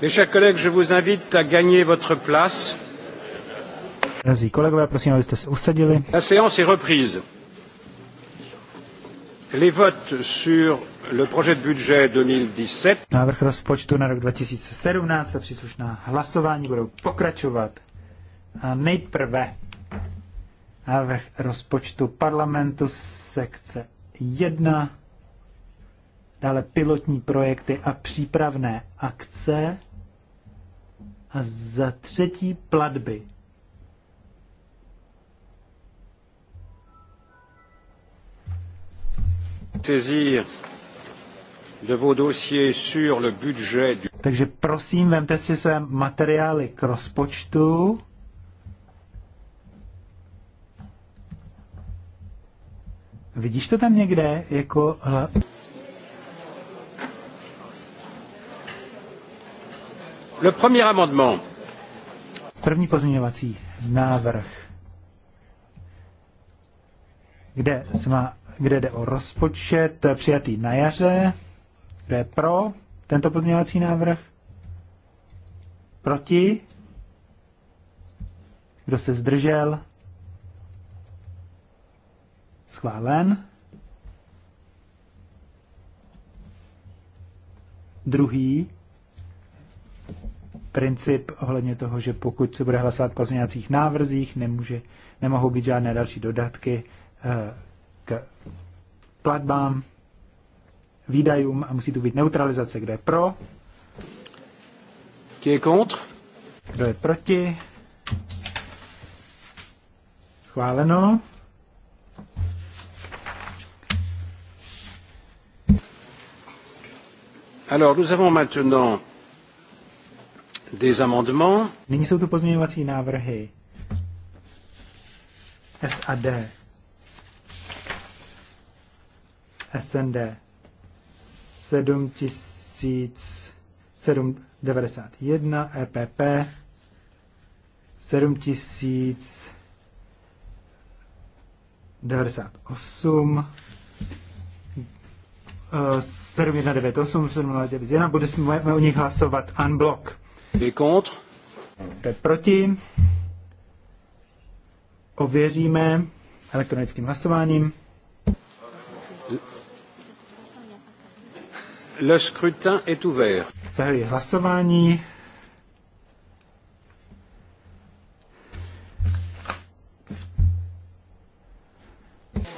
Mes chers collègues, je vous invite à gagner votre place. Drazí kolegové, prosím, abyste se usadili. La séance est reprise. Les votes sur le projet de budget 2017. Návrh rozpočtu na rok 2017 a příslušná hlasování budou pokračovat. A nejprve návrh rozpočtu parlamentu sekce jedna dále pilotní projekty a přípravné akce a za třetí platby. Saisir de vos dossiers sur le budget. Takže prosím, vemte si své materiály k rozpočtu. Vidíš to tam někde jako hlas? Le premier amendement. První pozměňovací návrh, kde, se má, kde jde o rozpočet eh, přijatý na jaře, kdo je pro tento pozměňovací návrh, proti, kdo se zdržel, Schválen. Druhý princip ohledně toho, že pokud se bude hlasovat pozměňovacích návrzích, nemůže, nemohou být žádné další dodatky eh, k platbám, výdajům a musí tu být neutralizace, kde je pro. Kde Kdo je proti? Schváleno. Nyní jsou tu pozměňovací návrhy SAD, SND 7791, EPP 7098, 7198, bude budeme o nich hlasovat unblock. Kdo je proti? Ověříme elektronickým hlasováním. Le scrutin est ouvert. Zahajuji hlasování.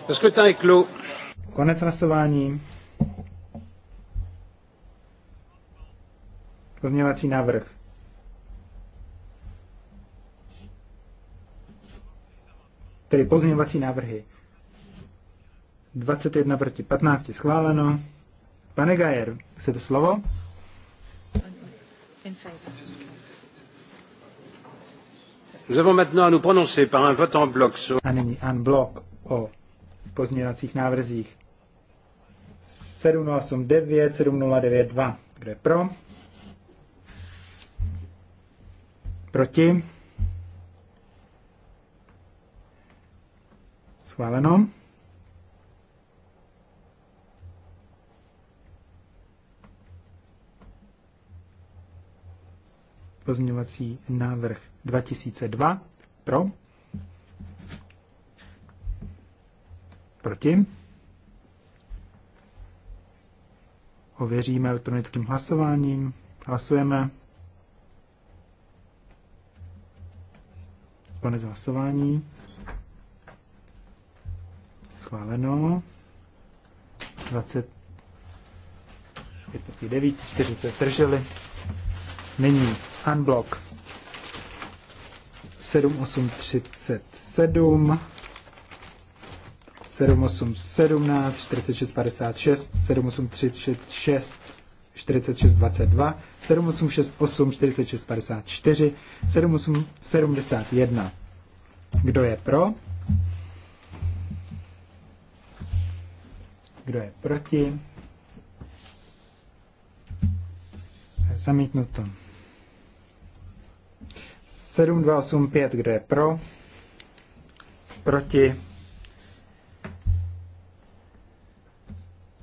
Le scrutin est clos. Konec hlasování. Pozměňovací návrh. Tedy pozměňovací návrhy. 21 proti 15 schváleno. Pane Gajer, chcete slovo? Nous avons maintenant à nous prononcer par un vote en bloc sur... A nyní en bloc o pozměňovacích návrzích 7089, 7092. Kdo je pro? Proti? Schváleno. Pozměňovací návrh 2002. Pro? Proti? Ověříme elektronickým hlasováním. Hlasujeme. Konec hlasování. Schváleno. 20 9, 4 se zdrželi. Nyní unblock 7837 7817 4656 7836 4622, 7868, 4654, 7871. Kdo je pro? Kdo je proti? Zamítnuto. 7285, kdo je pro? Proti?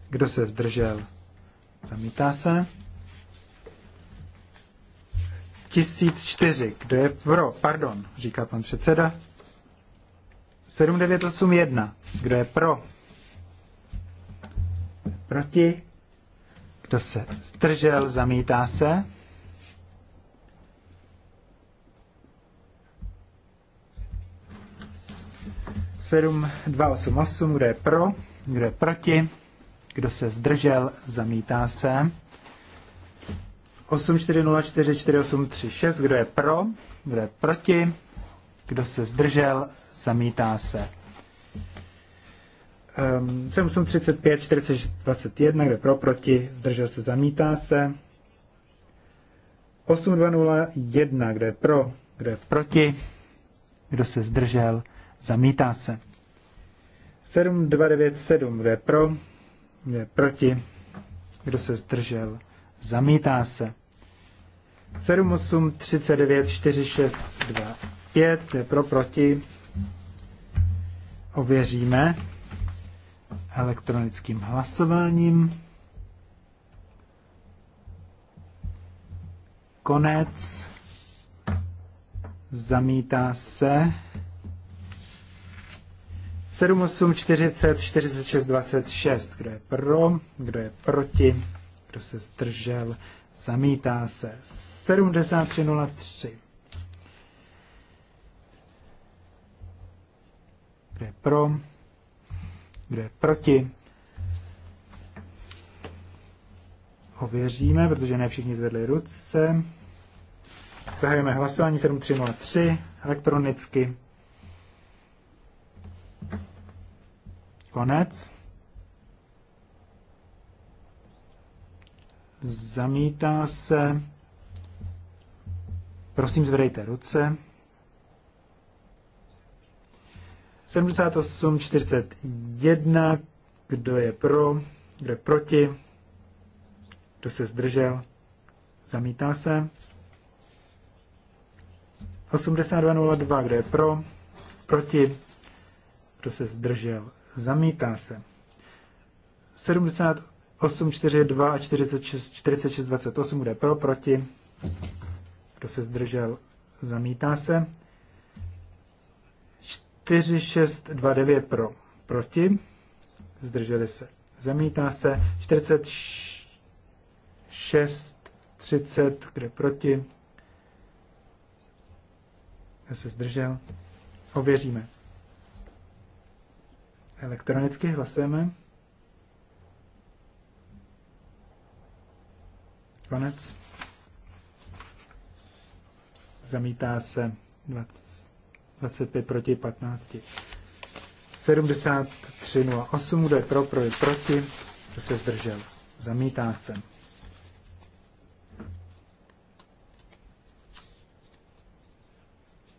Kdo se zdržel? Zamítá se. 1004. Kdo je pro? Pardon, říká pan předseda. 7981. Kdo je pro? Proti? Kdo se zdržel? Zamítá se. Sedm, dva, osm, osm, kdo je pro, kdo je proti, kdo se zdržel, zamítá se. 84044836, kdo je pro, kdo je proti, kdo se zdržel, zamítá se. Um, 7835 421, kdo je pro, proti, zdržel se, zamítá se. 8201, kdo je pro, kdo je proti, kdo se zdržel, zamítá se. 7297, kdo je pro, kdo je proti? Kdo se zdržel? Zamítá se. 7, 8, 39, 4, 6, 2, 5. Je pro, proti. Ověříme elektronickým hlasováním. Konec. Zamítá se. 7, 40, 46, 26. Kdo je pro, kdo je proti, kdo se zdržel, zamítá se. 7303. Kdo je pro, kdo je proti. Ověříme, protože ne všichni zvedli ruce. Zahajujeme hlasování 7303 elektronicky. Konec. Zamítá se. Prosím, zvedejte ruce. 78.41. 41. Kdo je pro? Kdo je proti? Kdo se zdržel? Zamítá se. 8202. Kdo je pro? Proti? kdo se zdržel, zamítá se. 78, 4, 2 a 46, 46, 28 bude pro, proti, kdo se zdržel, zamítá se. 4, 6, 2, 9 pro, proti, zdrželi se, zamítá se. 46, 30, kde proti, kdo se zdržel, ověříme. Elektronicky hlasujeme. Konec. Zamítá se 20, 25 proti 15. 73.08, kdo je pro, pro je proti, kdo se zdržel. Zamítá se.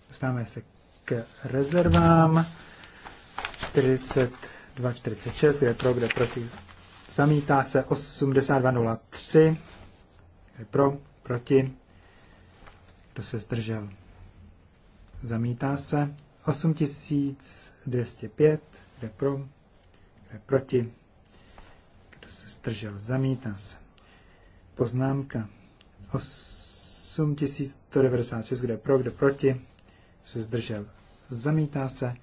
Dostáváme se k rezervám. 42,46, kde pro, kde proti. Zamítá se 82,03, kde pro, proti. Kdo se zdržel? Zamítá se 8205, kde pro, kde proti. Kdo se zdržel? Zamítá se. Poznámka 8196, kde pro, kde proti. Kdo se zdržel? Zamítá se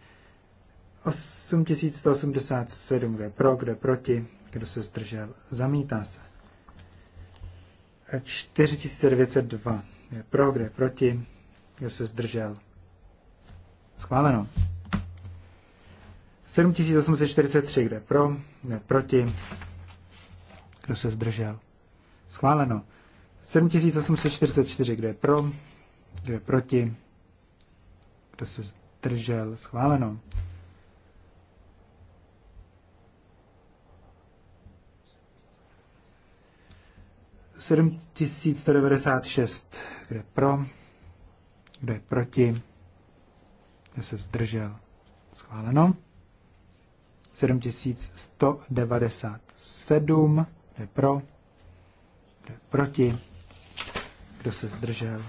8187, kde pro, kde proti, kdo se zdržel, zamítá se. 4902, kde pro, kde proti, kdo se zdržel, schváleno. 7843, kde pro, kde proti, kdo se zdržel, schváleno. 7844, kde pro, kde proti, kdo se zdržel, schváleno. 7196, kde pro, kdo je proti, kdo se zdržel, schváleno. 7197, kdo je pro, kdo je proti, kdo se zdržel,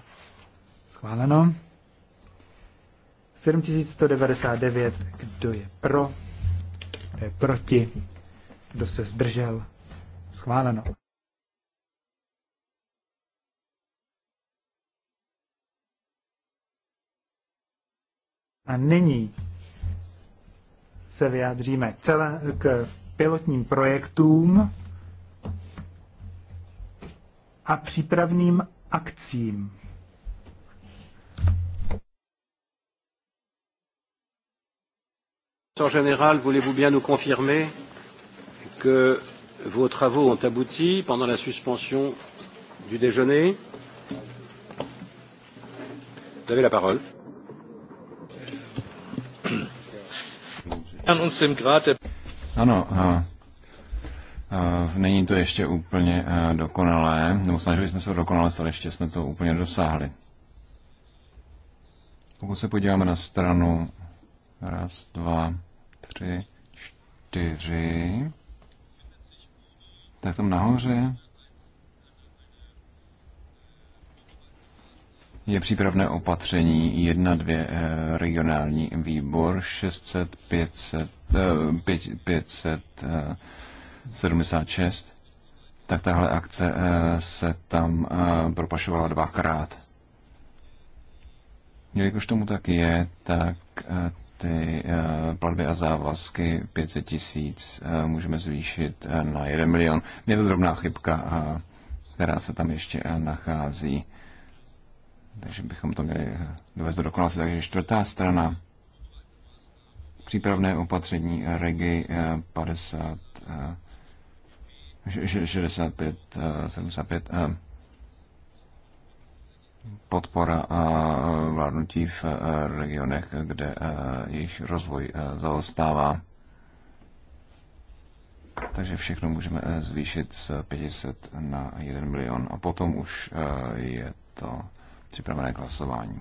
schváleno. 7199, kdo je pro, kdo je proti, kdo se zdržel, schváleno. A nyní se vyjádříme celé, k pilotním projektům a přípravným akcím. En général, voulez-vous bien nous confirmer que vos travaux ont abouti pendant la suspension du déjeuner Vous avez la parole. Ano, a, a, není to ještě úplně a, dokonalé, nebo snažili jsme se o dokonalé, ale ještě jsme to úplně dosáhli. Pokud se podíváme na stranu raz, dva, tři, čtyři, tak tam nahoře je přípravné opatření 1, 2, eh, regionální výbor 600, 500, 500 576, tak tahle akce eh, se tam eh, propašovala dvakrát. Jelikož tomu tak je, tak ty platby a závazky 500 tisíc můžeme zvýšit na 1 milion. Je to drobná chybka, která se tam ještě nachází takže bychom to měli dovést do dokonalosti. Takže čtvrtá strana, přípravné opatření REGI 50, 65, 75, podpora eh, vládnutí v eh, regionech, kde eh, jejich rozvoj zaostává. Takže všechno můžeme zvýšit z 500 na 1 milion a potom už je to připravené k hlasování.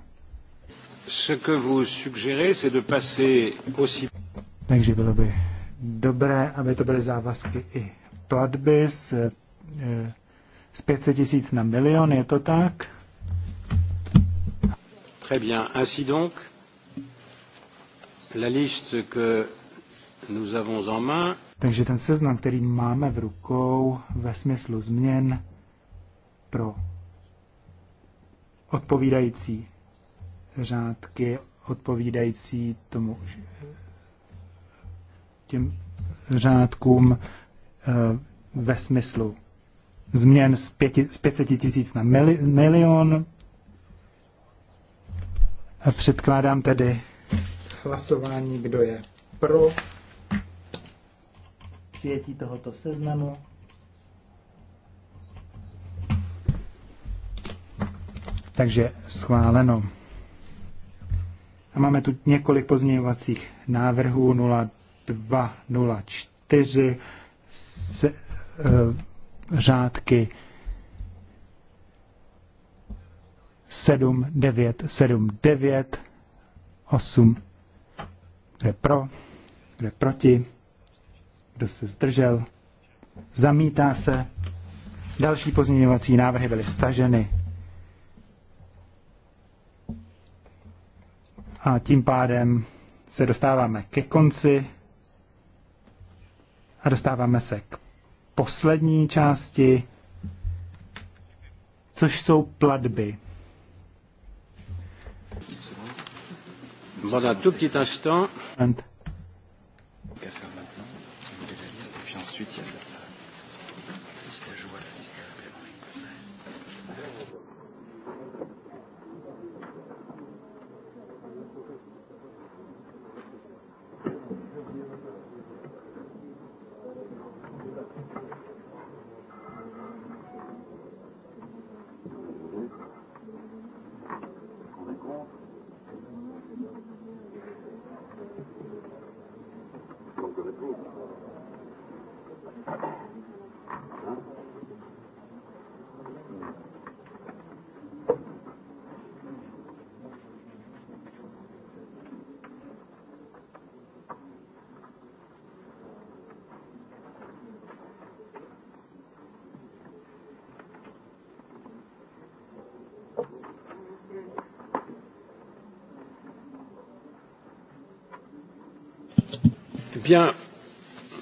Takže bylo by dobré, aby to byly závazky i platby z, eh, z 500 tisíc na milion, je to tak? Très bien. Ainsi donc, la liste que nous avons en main. Takže ten seznam, který máme v rukou ve smyslu změn pro odpovídající řádky, odpovídající tomu těm řádkům eh, ve smyslu změn z, pěti, z 500 tisíc na mili, milion. A předkládám tedy hlasování, kdo je pro přijetí tohoto seznamu. takže schváleno. A máme tu několik pozměňovacích návrhů 0204 s, e, řádky 7979 8 kde pro, kde proti, kdo se zdržel, zamítá se. Další pozměňovací návrhy byly staženy. A tím pádem se dostáváme ke konci a dostáváme se k poslední části, což jsou platby. Voilà, tout petit instant. Ensuite, il y a ça.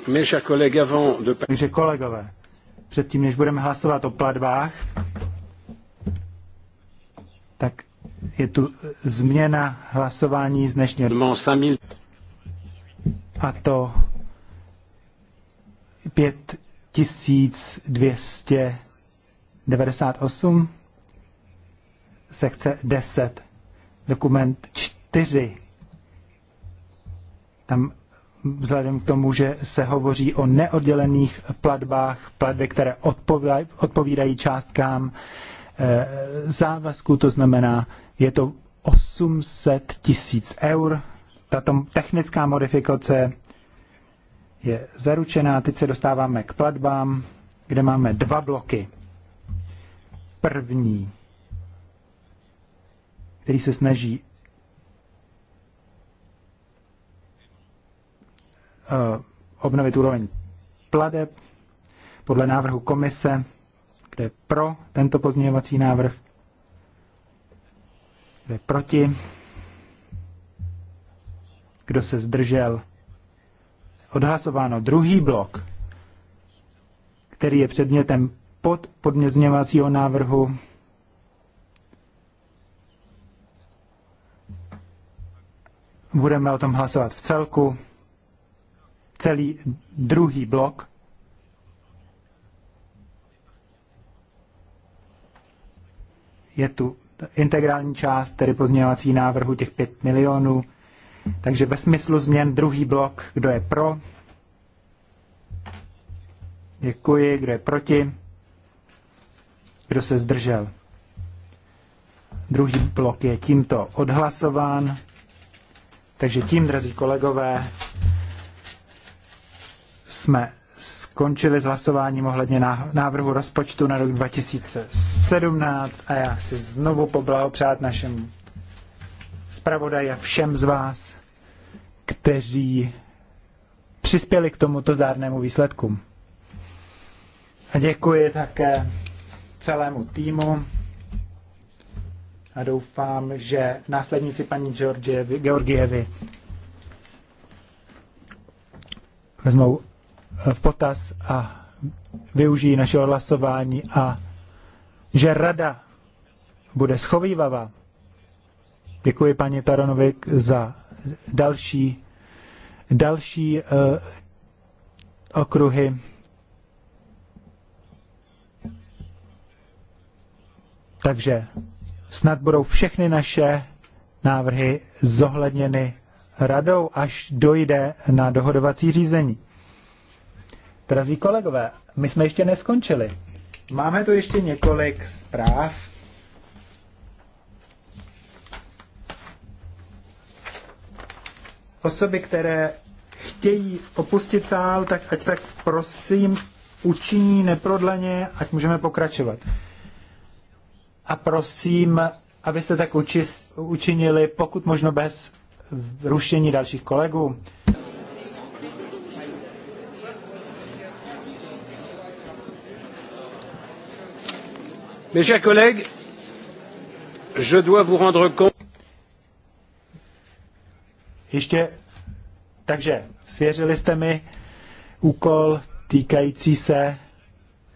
Takže kolegové, předtím, než budeme hlasovat o platbách, tak je tu změna hlasování z dnešního a to 5298 sekce 10 dokument 4 tam vzhledem k tomu, že se hovoří o neoddělených platbách, platby, které odpovídají, odpovídají částkám eh, závazku, to znamená, je to 800 tisíc eur. Tato technická modifikace je zaručená. Teď se dostáváme k platbám, kde máme dva bloky. První, který se snaží Eh, obnovit úroveň pladeb podle návrhu komise, kde je pro tento pozměňovací návrh, kde je proti, kdo se zdržel. Odhlasováno druhý blok, který je předmětem pod podmězňovacího návrhu Budeme o tom hlasovat v celku celý druhý blok. Je tu integrální část, tedy pozměňovací návrhu těch 5 milionů. Takže ve smyslu změn druhý blok, kdo je pro? Děkuji, kdo je proti? Kdo se zdržel? Druhý blok je tímto odhlasován. Takže tím, drazí kolegové, jsme skončili s hlasováním ohledně návrhu rozpočtu na rok 2017 a já chci znovu poblahopřát našemu zpravodaji a všem z vás, kteří přispěli k tomuto zdárnému výsledku. A děkuji také celému týmu a doufám, že následníci paní Georgievy, Georgievy vezmou v potaz a využijí našeho hlasování a že rada bude schovývavá. Děkuji paní Taronovik za další, další uh, okruhy. Takže snad budou všechny naše návrhy zohledněny radou, až dojde na dohodovací řízení. Drazí kolegové, my jsme ještě neskončili. Máme tu ještě několik zpráv. Osoby, které chtějí opustit sál, tak ať tak prosím učiní neprodleně, ať můžeme pokračovat. A prosím, abyste tak uči, učinili pokud možno bez rušení dalších kolegů. je Ještě, takže svěřili jste mi úkol týkající se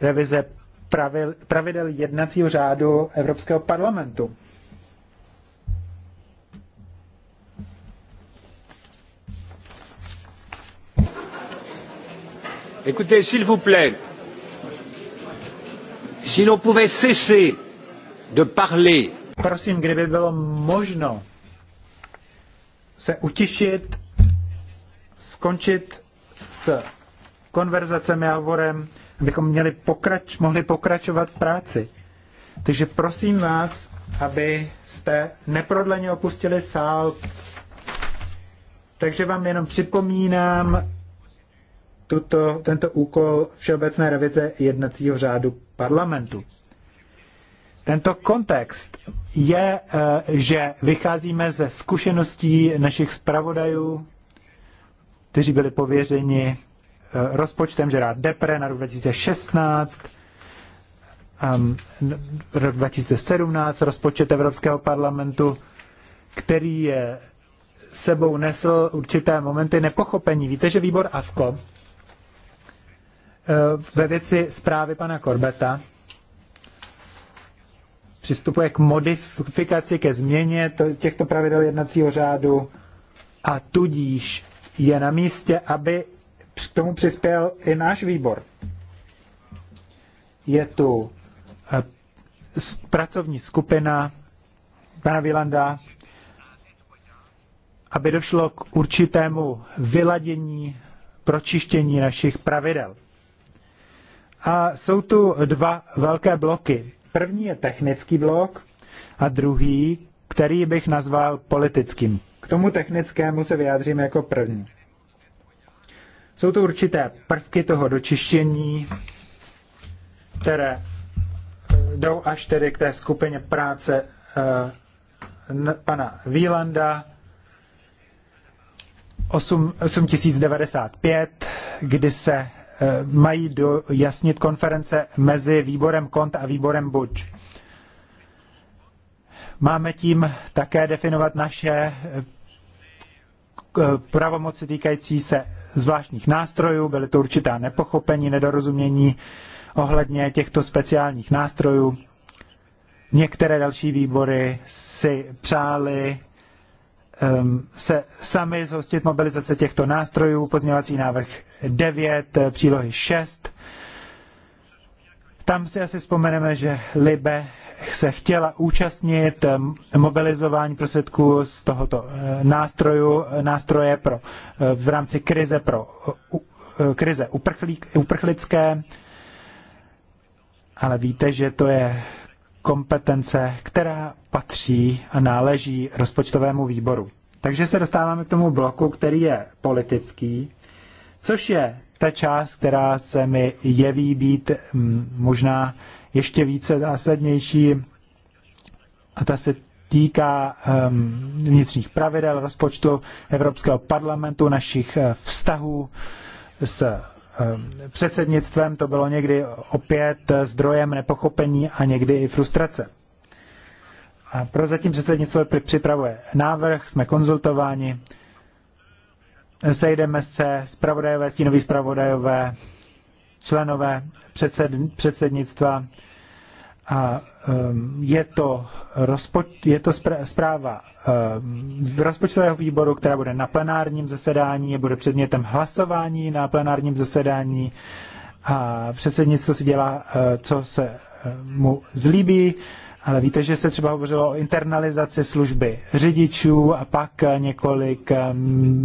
revize pravil, pravidel jednacího řádu Evropského parlamentu. Écoutez, s'il vous plaît, si l'on pouvait cesser de parler. Prosím, kdyby bylo možno se utišit, skončit s konverzacemi a hovorem, abychom měli pokrač, mohli pokračovat v práci. Takže prosím vás, abyste neprodleně opustili sál. Takže vám jenom připomínám tuto, tento úkol Všeobecné revize jednacího řádu parlamentu. Tento kontext je, eh, že vycházíme ze zkušeností našich zpravodajů, kteří byli pověřeni eh, rozpočtem Žerá Depre na rok 2016, ehm, rok 2017, rozpočet Evropského parlamentu, který je sebou nesl určité momenty nepochopení. Víte, že výbor AFKO Eh, ve věci zprávy pana Korbeta přistupuje k modifikaci, ke změně těchto pravidel jednacího řádu a tudíž je na místě, aby k tomu přispěl i náš výbor. Je tu eh, pracovní skupina pana Vilanda, aby došlo k určitému vyladění, pročištění našich pravidel. A jsou tu dva velké bloky. První je technický blok a druhý, který bych nazval politickým. K tomu technickému se vyjádřím jako první. Jsou to určité prvky toho dočištění, které jdou až tedy k té skupině práce eh, pana Výlanda 8095, kdy se Eh, mají dojasnit konference mezi výborem KONT a výborem BUČ. Máme tím také definovat naše eh, eh, pravomoci týkající se zvláštních nástrojů, byly to určitá nepochopení, nedorozumění ohledně těchto speciálních nástrojů. Některé další výbory si přáli Ehm, se sami zhostit mobilizace těchto nástrojů, pozměňovací návrh 9, eh, přílohy 6. Tam si asi vzpomeneme, že Libe se chtěla účastnit ehm, mobilizování prostředků z tohoto eh, nástroju, eh, nástroje pro, v rámci krize pro krize uprchlí, uprchlické, ale víte, že to je kompetence, která patří a náleží rozpočtovému výboru. Takže se dostáváme k tomu bloku, který je politický, což je ta část, která se mi jeví být mm, možná ještě více zásadnější a ta se týká um, vnitřních pravidel rozpočtu Evropského parlamentu, našich eh, vztahů s Ehm, předsednictvem to bylo někdy opět eh, zdrojem nepochopení a někdy i frustrace. A prozatím předsednictvo připravuje návrh, jsme konzultováni, sejdeme se, zpravodajové, stínoví zpravodajové, členové předsed, předsednictva, a ehm, je to, rozpoč, je to zpráva ehm, z rozpočtového výboru, která bude na plenárním zasedání, bude předmětem hlasování na plenárním zasedání a předsednictvo si dělá, eh, co se eh, mu zlíbí, ale víte, že se třeba hovořilo o internalizaci služby řidičů a pak eh, několik ehm,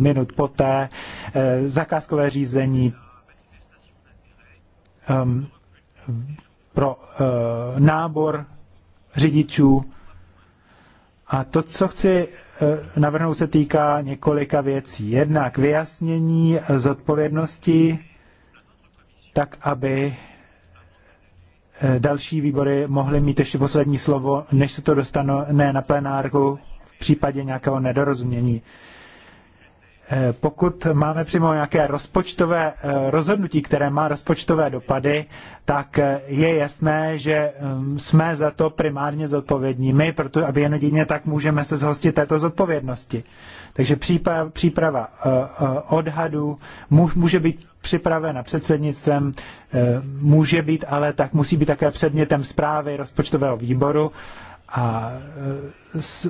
minut poté zakázkové řízení pro eh, nábor řidičů. A to, co chci eh, navrhnout, se týká několika věcí. Jednak vyjasnění zodpovědnosti, tak aby eh, další výbory mohly mít ještě poslední slovo, než se to dostane na plenárku v případě nějakého nedorozumění. Eh, pokud máme přímo nějaké rozpočtové eh, rozhodnutí, které má rozpočtové dopady, tak eh, je jasné, že ehm, jsme za to primárně zodpovědní my, proto aby jen jedině tak můžeme se zhostit této zodpovědnosti. Takže příprava, příprava odhadů může být připravena předsednictvem, může být, ale tak musí být také předmětem zprávy rozpočtového výboru a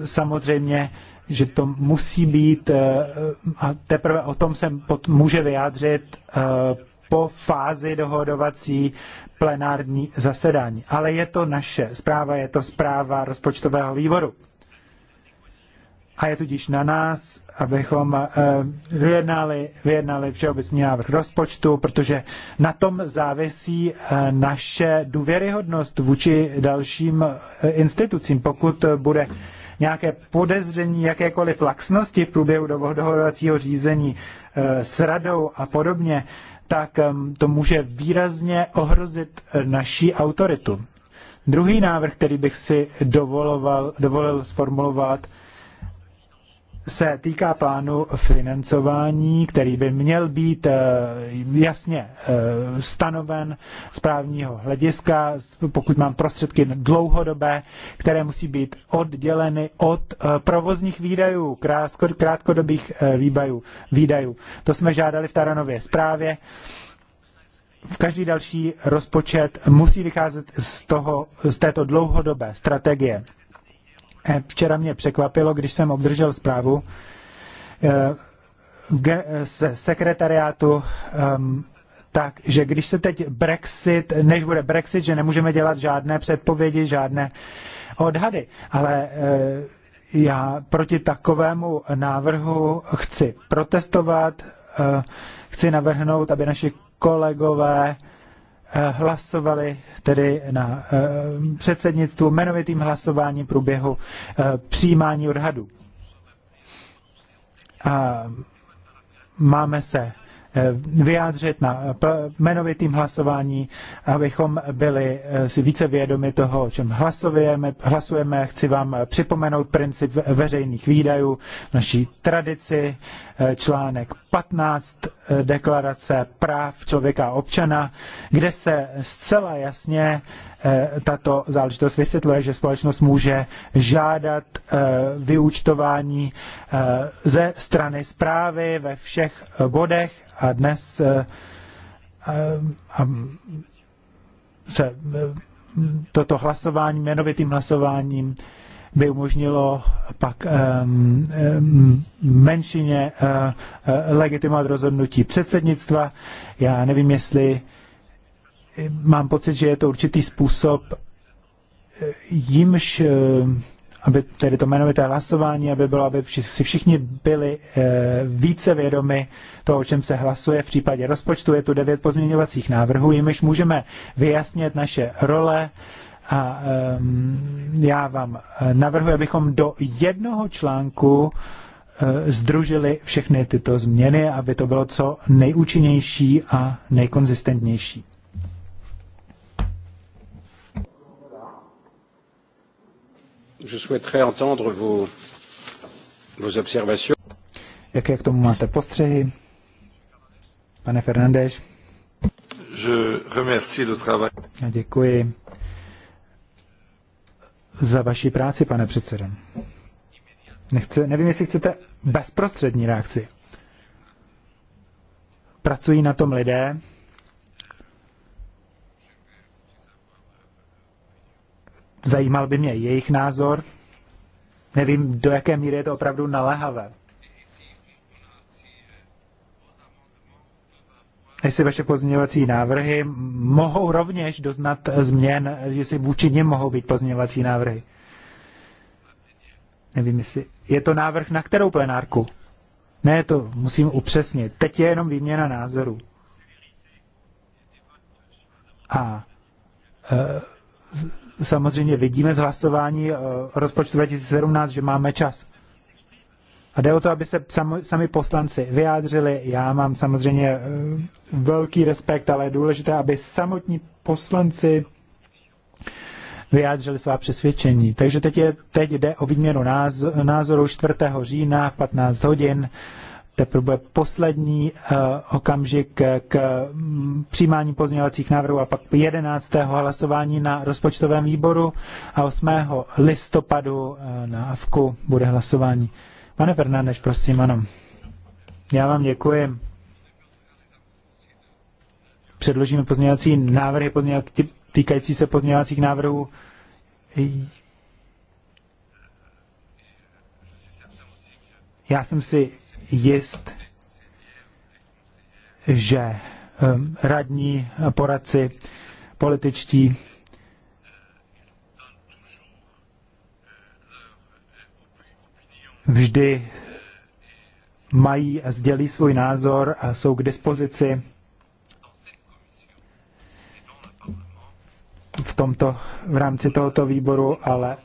samozřejmě že to musí být eh, a teprve o tom se může vyjádřit eh, po fázi dohodovací plenární zasedání. Ale je to naše zpráva, je to zpráva rozpočtového výboru. A je tudíž na nás, abychom eh, vyjednali, vyjednali všeobecný návrh rozpočtu, protože na tom závisí naše důvěryhodnost vůči dalším institucím. Pokud bude nějaké podezření jakékoliv laxnosti v průběhu dohodovacího řízení eh, s radou a podobně, tak to může výrazně ohrozit eh, naší autoritu. Druhý návrh, který bych si dovoloval, dovolil sformulovat, se týká plánu financování, který by měl být eh, jasně eh, stanoven z právního hlediska, pokud mám prostředky dlouhodobé, které musí být odděleny od eh, provozních výdajů, krátkodobých výdajů. výdajů. To jsme žádali v Taranově zprávě v každý další rozpočet musí vycházet z, toho, z této dlouhodobé strategie. Eh, včera mě překvapilo, když jsem obdržel zprávu eh, z sekretariátu, ehm, tak, že když se teď Brexit, než bude Brexit, že nemůžeme dělat žádné předpovědi, žádné odhady, ale eh, já proti takovému návrhu chci protestovat, chci navrhnout, aby naši kolegové Eh, hlasovali tedy na eh, předsednictvu jmenovitým hlasováním průběhu eh, přijímání odhadu. A máme se vyjádřit na jmenovitým hlasování, abychom byli si více vědomi toho, o čem hlasujeme. hlasujeme. Chci vám připomenout princip veřejných výdajů, naší tradici, článek 15 eh, deklarace práv člověka a občana, kde se zcela jasně eh, tato záležitost vysvětluje, že společnost může žádat eh, vyúčtování ze strany zprávy ve všech bodech a dnes se toto hlasování, jmenovitým hlasováním by umožnilo pak menšině eh, eh, legitimovat rozhodnutí předsednictva. Já nevím, jestli eh, mám pocit, že je to určitý způsob, jimž aby tedy to jmenovité hlasování, aby bylo, aby si všichni byli více vědomi toho, o čem se hlasuje. V případě rozpočtu je tu devět pozměňovacích návrhů, jimiž můžeme vyjasnit naše role, a um, já vám eh, navrhuji, abychom do jednoho článku uh, združili všechny tyto změny, aby to bylo co nejúčinnější a nejkonzistentnější. Je souhaiterais entendre vos, vos observations. Jaké k tomu máte postřehy? Pane Fernandez? Je remercie le travail. Děkuji za vaši práci, pane předsedo. Nechce, nevím, jestli chcete bezprostřední reakci. Pracují na tom lidé. Zajímal by mě jejich názor. Nevím, do jaké míry je to opravdu naléhavé. jestli vaše pozměňovací návrhy mohou rovněž doznat změn, jestli vůči nim mohou být pozměňovací návrhy. Nevím, jestli je to návrh na kterou plenárku. Ne, to musím upřesnit. Teď je jenom výměna názorů. A e, samozřejmě vidíme z hlasování e, rozpočtu 2017, že máme čas. A jde o to, aby se sami poslanci vyjádřili. Já mám samozřejmě eh, velký respekt, ale je důležité, aby samotní poslanci vyjádřili svá přesvědčení. Takže teď, je, teď jde o výměnu názoru 4. října v 15 hodin. Teprve bude poslední uh, okamžik k um, přijímání pozměňovacích návrhů a pak 11. hlasování na rozpočtovém výboru a 8. listopadu uh, na AVKu bude hlasování. Pane Fernandeš, prosím, ano. Já vám děkuji. Předložíme pozměňovací návrhy pozměňovací, týkající se pozměňovacích návrhů. Já jsem si jist, že eh, radní poradci političtí vždy mají a sdělí svůj názor a jsou k dispozici v, tomto, v rámci tohoto výboru, ale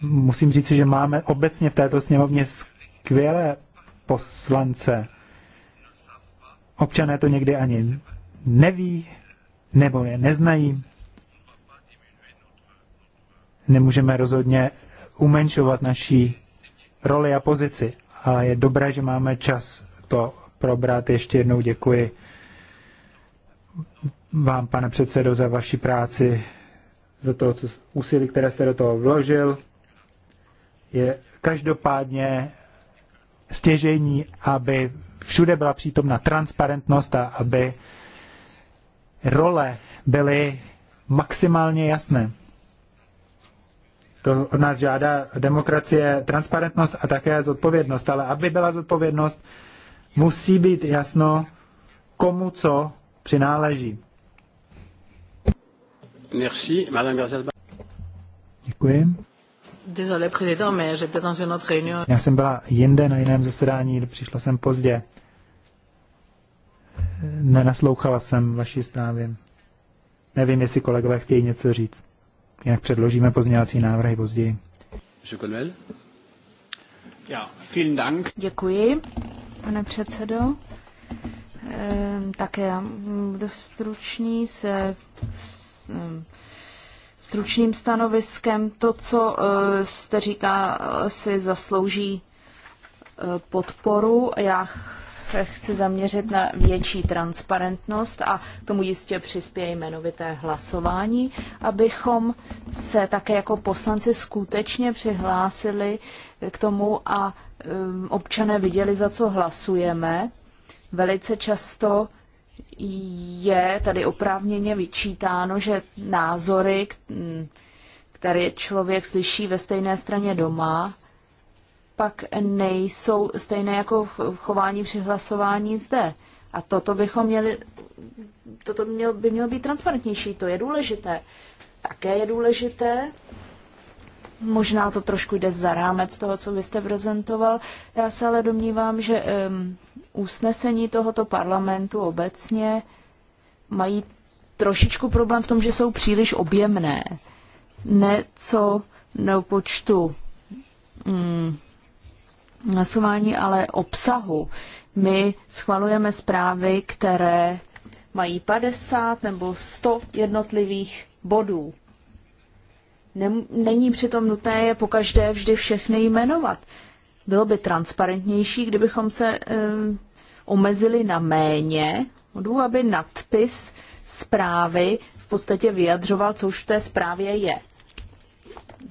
musím říct, že máme obecně v této sněmovně skvělé poslance. Občané to někdy ani neví, nebo je neznají. Nemůžeme rozhodně umenšovat naší roli a pozici. A je dobré, že máme čas to probrat. Ještě jednou děkuji vám, pane předsedo, za vaši práci, za to co, úsilí, které jste do toho vložil. Je každopádně stěžení, aby všude byla přítomna transparentnost a aby role byly maximálně jasné. To od nás žádá demokracie transparentnost a také zodpovědnost. Ale aby byla zodpovědnost, musí být jasno, komu co přináleží. Merci, Madame Garcia. Děkuji. Désolé, président, mais j'étais dans une autre réunion. Já jsem byla jinde na jiném zasedání, přišla jsem pozdě. Nenaslouchala jsem vaší zprávě. Nevím, jestli kolegové chtějí něco říct. Jinak předložíme pozměňovací návrhy později. Děkuji, pane předsedo. Ehm, Také já budu stručný se ehm, stručným stanoviskem. To, co eh, jste říká, si zaslouží eh, podporu. Já chci zaměřit na větší transparentnost a k tomu jistě přispěje jmenovité hlasování, abychom se také jako poslanci skutečně přihlásili k tomu a um, občané viděli, za co hlasujeme. Velice často je tady oprávněně vyčítáno, že názory, um, které člověk slyší ve stejné straně doma, pak nejsou stejné jako chování při hlasování zde. A toto bychom měli, toto měl, by mělo být transparentnější, to je důležité. Také je důležité, možná to trošku jde za rámec toho, co byste jste prezentoval, já se ale domnívám, že um, usnesení tohoto parlamentu obecně mají trošičku problém v tom, že jsou příliš objemné. Ne co do počtu mm, hlasování, ale obsahu. My schvalujeme zprávy, které mají 50 nebo 100 jednotlivých bodů. Není přitom nutné je pokaždé vždy všechny jmenovat. Bylo by transparentnější, kdybychom se eh, omezili na méně bodů, aby nadpis zprávy v podstatě vyjadřoval, co už v té zprávě je.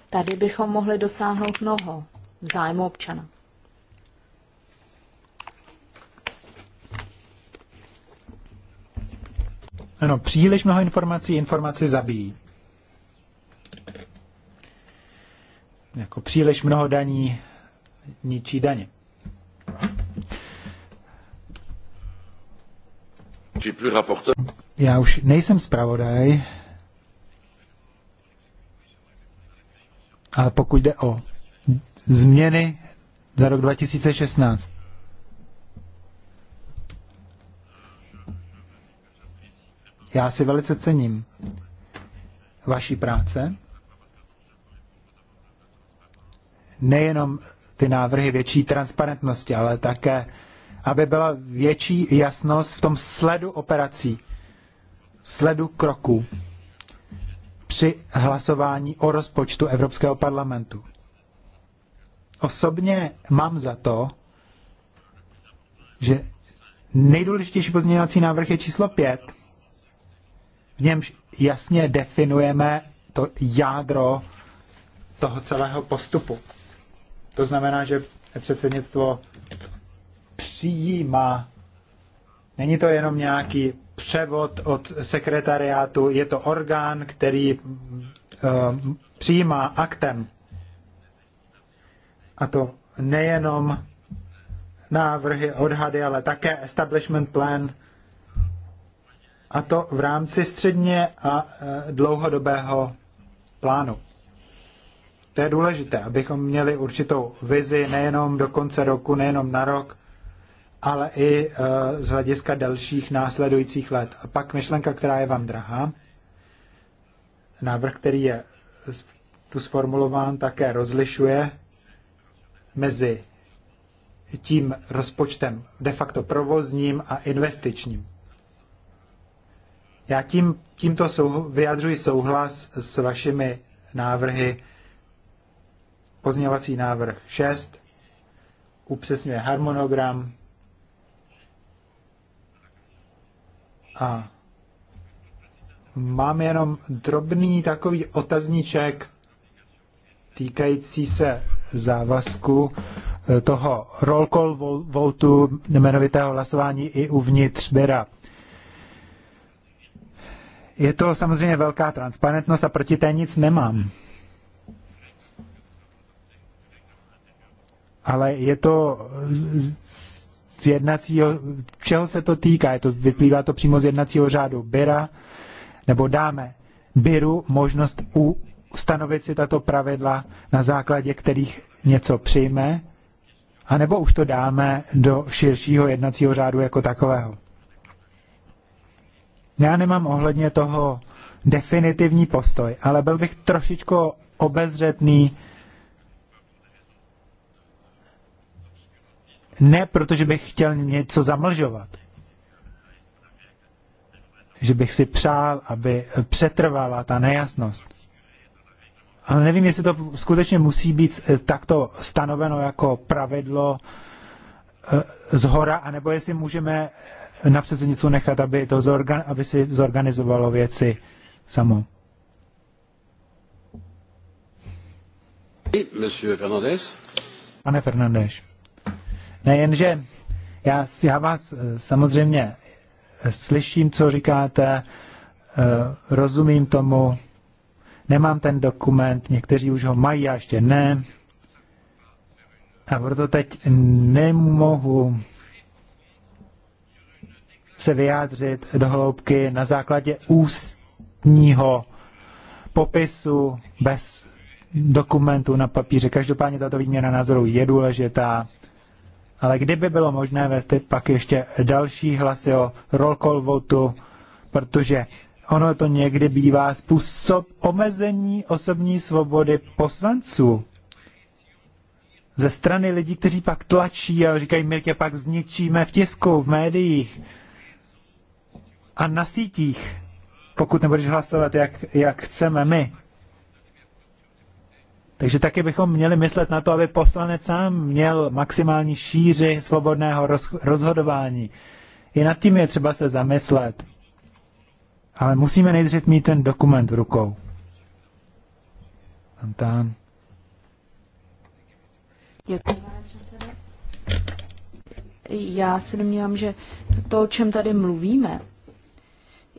Tady bychom mohli dosáhnout mnoho v zájmu občana. Ano, příliš mnoho informací informaci zabíjí. Jako příliš mnoho daní ničí daně. Já už nejsem zpravodaj, ale pokud jde o změny za rok 2016, Já si velice cením vaší práce. Nejenom ty návrhy větší transparentnosti, ale také, aby byla větší jasnost v tom sledu operací, sledu kroků při hlasování o rozpočtu Evropského parlamentu. Osobně mám za to, že nejdůležitější pozměňovací návrh je číslo 5, v němž jasně definujeme to jádro toho celého postupu. To znamená, že předsednictvo přijímá, není to jenom nějaký převod od sekretariátu, je to orgán, který uh, přijímá aktem. A to nejenom návrhy, odhady, ale také establishment plan, a to v rámci středně a e, dlouhodobého plánu. To je důležité, abychom měli určitou vizi nejenom do konce roku, nejenom na rok, ale i e, z hlediska dalších následujících let. A pak myšlenka, která je vám drahá, návrh, který je tu sformulován, také rozlišuje mezi tím rozpočtem de facto provozním a investičním. Já tím, tímto sou, vyjadřuji souhlas s vašimi návrhy. Pozměňovací návrh 6 upřesňuje harmonogram a mám jenom drobný takový otazníček týkající se závazku eh, toho roll call votu jmenovitého hlasování i uvnitř Běra. Je to samozřejmě velká transparentnost a proti té nic nemám. Ale je to z jednacího, čeho se to týká? Je to, vyplývá to přímo z jednacího řádu Byra, nebo dáme Byru možnost ustanovit si tato pravidla, na základě kterých něco přijme, anebo už to dáme do širšího jednacího řádu jako takového. Já nemám ohledně toho definitivní postoj, ale byl bych trošičku obezřetný. Ne, protože bych chtěl něco zamlžovat. Že bych si přál, aby přetrvala ta nejasnost. Ale nevím, jestli to skutečně musí být eh, takto stanoveno jako pravidlo eh, z hora, anebo jestli můžeme na předsednicu nechat, aby, to zorgan, aby si zorganizovalo věci samo. Pane Fernandeš, nejenže já, já vás eh, samozřejmě eh, slyším, co říkáte, eh, rozumím tomu, nemám ten dokument, někteří už ho mají a ještě ne. A proto teď nemohu se vyjádřit do hloubky na základě ústního popisu bez dokumentů na papíře. Každopádně tato výměna názorů je důležitá, ale kdyby bylo možné vést pak ještě další hlasy o roll call votu, protože ono to někdy bývá způsob omezení osobní svobody poslanců ze strany lidí, kteří pak tlačí a říkají, my tě pak zničíme v tisku, v médiích a na sítích, pokud nebudeš hlasovat, jak, jak chceme my. Takže taky bychom měli myslet na to, aby poslanec sám měl maximální šíři svobodného rozhodování. I nad tím je třeba se zamyslet. Ale musíme nejdřív mít ten dokument v rukou. Antán. Děkuji, pane předsedo. Já si domnívám, že to, o čem tady mluvíme,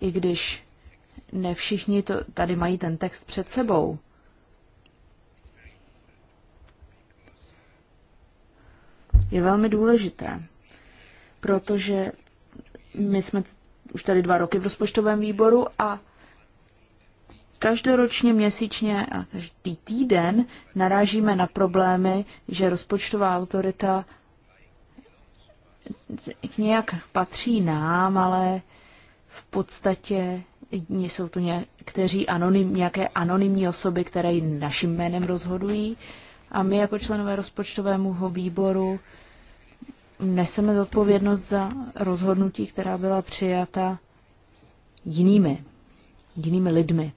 i když ne všichni to, tady mají ten text před sebou. Je velmi důležité, protože my jsme už tady dva roky v rozpočtovém výboru a každoročně, měsíčně a každý týden narážíme na problémy, že rozpočtová autorita nějak patří nám, ale v podstatě jsou to někteří anonym, nějaké anonymní osoby, které naším jménem rozhodují a my jako členové rozpočtového výboru neseme zodpovědnost za rozhodnutí, která byla přijata jinými, jinými lidmi.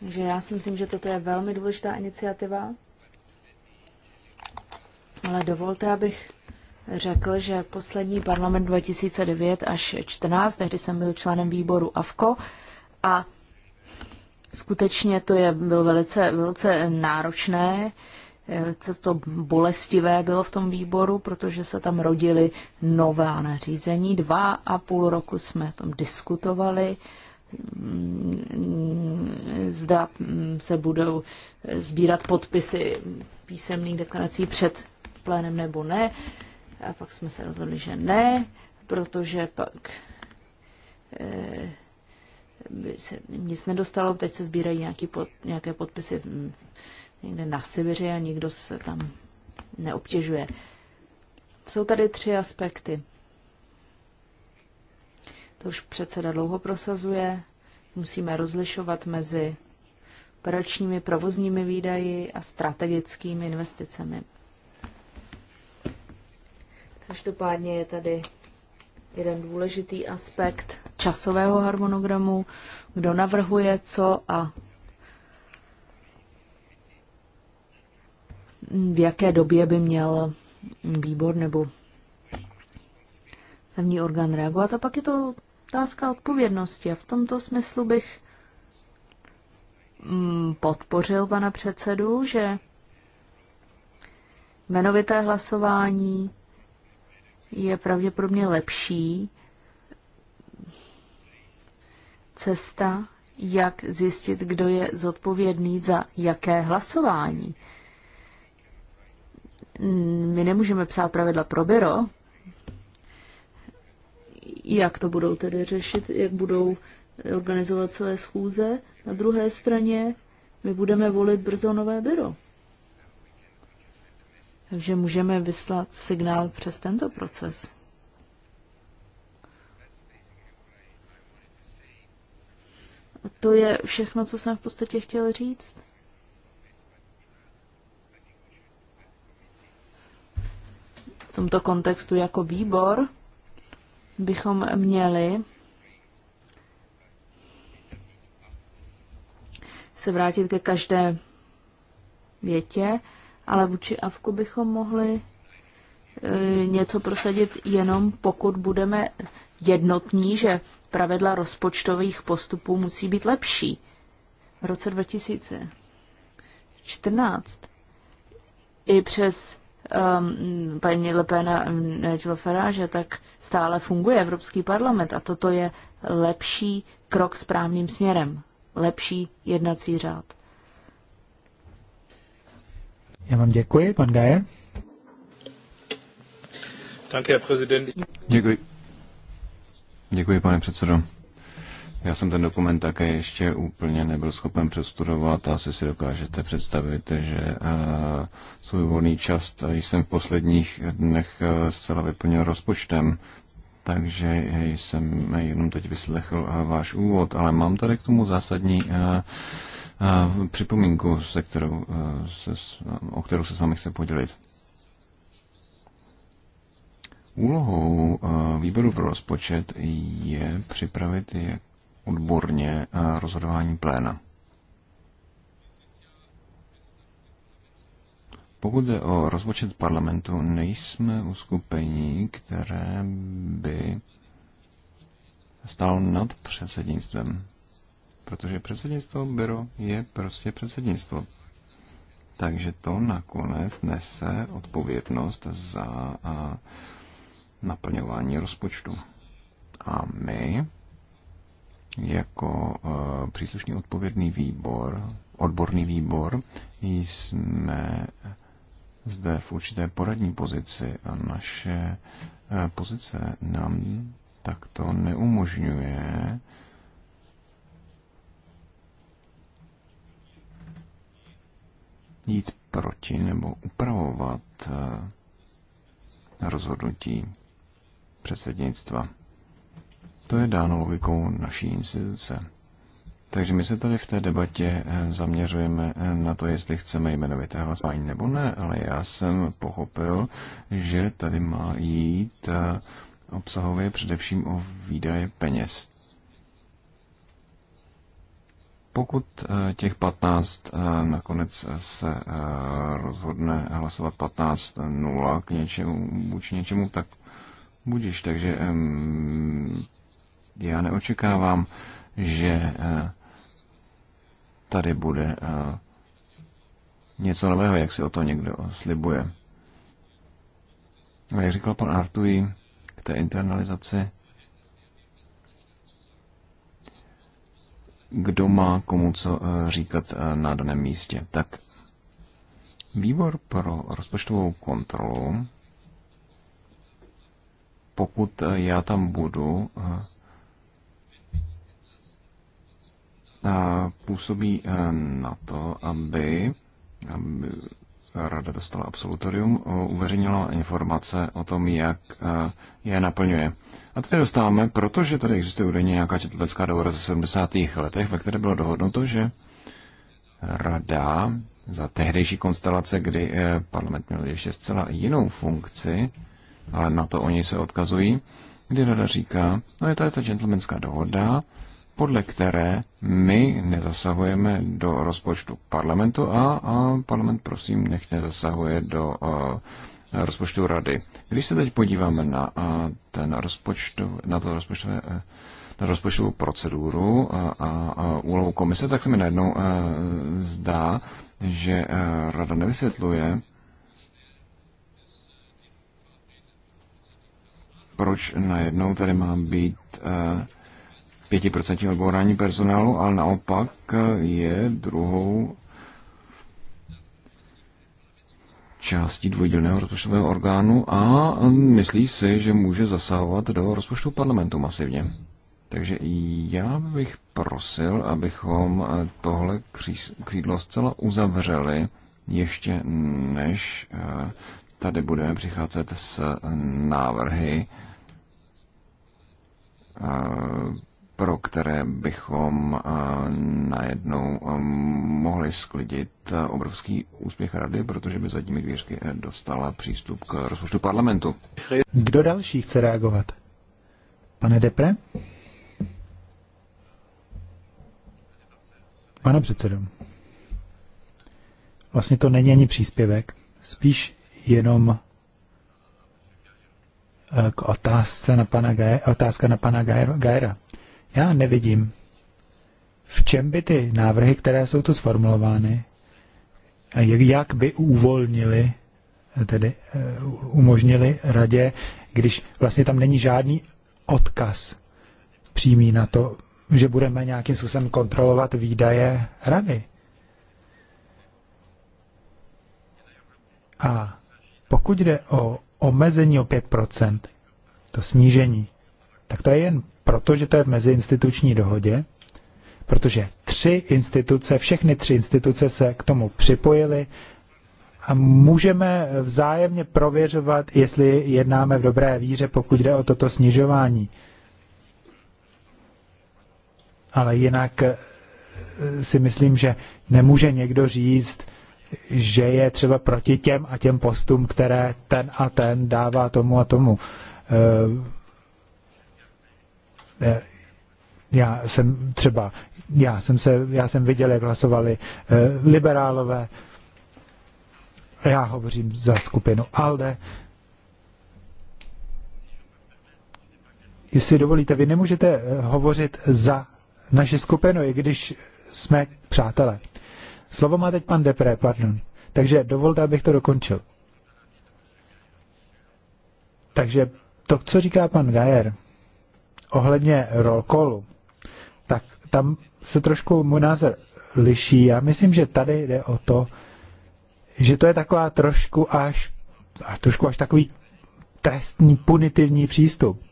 Takže já si myslím, že toto je velmi důležitá iniciativa, ale dovolte, abych řekl, že poslední parlament 2009 až 2014, tehdy jsem byl členem výboru AFKO a skutečně to je, bylo velice, velice náročné, eh, co to bolestivé bylo v tom výboru, protože se tam rodily nová nařízení. Dva a půl roku jsme o tom diskutovali, mm, zda mm, se budou sbírat podpisy písemných deklarací před plénem nebo ne. A pak jsme se rozhodli, že ne, protože pak e, by se nic nedostalo. Teď se sbírají nějaký pod, nějaké podpisy někde na Sibiři a nikdo se tam neobtěžuje. Jsou tady tři aspekty. To už předseda dlouho prosazuje. Musíme rozlišovat mezi operačními provozními výdaji a strategickými investicemi. Každopádně je tady jeden důležitý aspekt časového harmonogramu, kdo navrhuje co a v jaké době by měl výbor nebo zemní orgán reagovat. A pak je to otázka odpovědnosti. A v tomto smyslu bych mm, podpořil pana předsedu, že jmenovité hlasování je pravděpodobně lepší cesta, jak zjistit, kdo je zodpovědný za jaké hlasování. My nemůžeme psát pravidla pro byro, jak to budou tedy řešit, jak budou organizovat své schůze. Na druhé straně my budeme volit brzo nové byro. Takže můžeme vyslat signál přes tento proces. To je všechno, co jsem v podstatě chtěl říct. V tomto kontextu jako výbor bychom měli se vrátit ke každé větě ale vůči Avku bychom mohli e, něco prosadit jenom pokud budeme jednotní, že pravidla rozpočtových postupů musí být lepší. V roce 2014 i přes um, paní Le Pen a Nigel Farage, tak stále funguje Evropský parlament a toto je lepší krok správným směrem, lepší jednací řád. Já vám děkuji, pan Gajer. Děkuji. Děkuji, pane předsedo. Já jsem ten dokument také ještě úplně nebyl schopen přestudovat a asi si dokážete představit, že eh, svůj volný čas jsem v posledních dnech eh, zcela vyplnil rozpočtem, takže jsem jenom teď vyslechl eh, váš úvod, ale mám tady k tomu zásadní připomínku, se kterou, eh, se, o kterou se s vámi chci podělit. Úlohou eh, výboru pro rozpočet je připravit jak odborně eh, rozhodování pléna. Pokud jde o rozpočet parlamentu, nejsme uskupení, které by stálo nad předsednictvem protože předsednictvo byro je prostě předsednictvo. Takže to nakonec nese odpovědnost za naplňování rozpočtu. A my, jako příslušný odpovědný výbor, odborný výbor, jsme zde v určité poradní pozici a naše pozice nám takto neumožňuje jít proti nebo upravovat eh, rozhodnutí předsednictva. To je dáno logikou naší instituce. Takže my se tady v té debatě eh, zaměřujeme eh, na to, jestli chceme jmenovité hlasování nebo ne, ale já jsem pochopil, že tady má jít obsahově především o výdaje peněz. Pokud eh, těch 15 eh, nakonec eh, se rozhodne hlasovat 15 nula, k něčemu, buď něčemu, tak budíš. Takže já neočekávám, že tady bude něco nového, jak si o to někdo slibuje. A jak říkal pan Artuji k té internalizaci, kdo má komu co eh, říkat eh, na daném místě. Tak výbor pro rozpočtovou kontrolu, pokud eh, já tam budu, působí na to, aby, aby rada dostala absolutorium, uveřejnila informace o tom, jak e, je naplňuje. A tady dostáváme, protože tady existuje údajně nějaká četlecká dohoda ze 70. letech, ve které bylo dohodnuto, že rada za tehdejší konstelace, kdy e, parlament měl ještě zcela jinou funkci, ale na to oni se odkazují, kdy rada říká, no je tady ta gentlemanská dohoda, podle které my nezasahujeme do rozpočtu parlamentu a, a parlament, prosím, nech nezasahuje do a, rozpočtu rady. Když se teď podíváme na, a, ten rozpočtu, na to rozpočtové a, e, na rozpočtovou proceduru a, a, a úlohu komise, tak se mi najednou a, e, zdá, že a, e, rada nevysvětluje, proč najednou tady má být a, 5% odborání personálu, ale naopak je druhou částí dvojdělného rozpočtového orgánu a myslí si, že může zasahovat do rozpočtu parlamentu masivně. Takže já bych prosil, abychom tohle křídlo zcela uzavřeli, ještě než eh, tady budeme přicházet s návrhy eh, pro které bychom eh, najednou eh, mohli sklidit eh, obrovský úspěch rady, protože by zadními dvířky dostala přístup k rozpočtu parlamentu. Kdo další chce reagovat? Pane Depre? Pane předsedo, vlastně to není ani příspěvek, spíš jenom k otázce na pana otázka na pana Gajera. Já nevidím, v čem by ty návrhy, které jsou tu sformulovány, jak by uvolnili, tedy eh, umožnili radě, když vlastně tam není žádný odkaz přímý na to, že budeme nějakým způsobem kontrolovat výdaje rady. A pokud jde o omezení o 5%, to snížení, tak to je jen protože to je v meziinstituční dohodě, protože tři instituce, všechny tři instituce se k tomu připojily a můžeme vzájemně prověřovat, jestli jednáme v dobré víře, pokud jde o toto snižování. Ale jinak eh, si myslím, že nemůže někdo říct, že je třeba proti těm a těm postům, které ten a ten dává tomu a tomu. Eh, Eh, já jsem třeba, já jsem, se, já jsem viděl, jak hlasovali eh, liberálové, já hovořím za skupinu ALDE, jestli dovolíte, vy nemůžete eh, hovořit za naši skupinu, i když jsme přátelé. Slovo má teď pan Depré, pardon. Takže dovolte, abych to dokončil. Takže to, co říká pan Gajer, ohledně roll callu, tak tam se trošku můj názor liší. Já myslím, že tady jde o to, že to je taková trošku až, až trošku až takový trestní, punitivní přístup.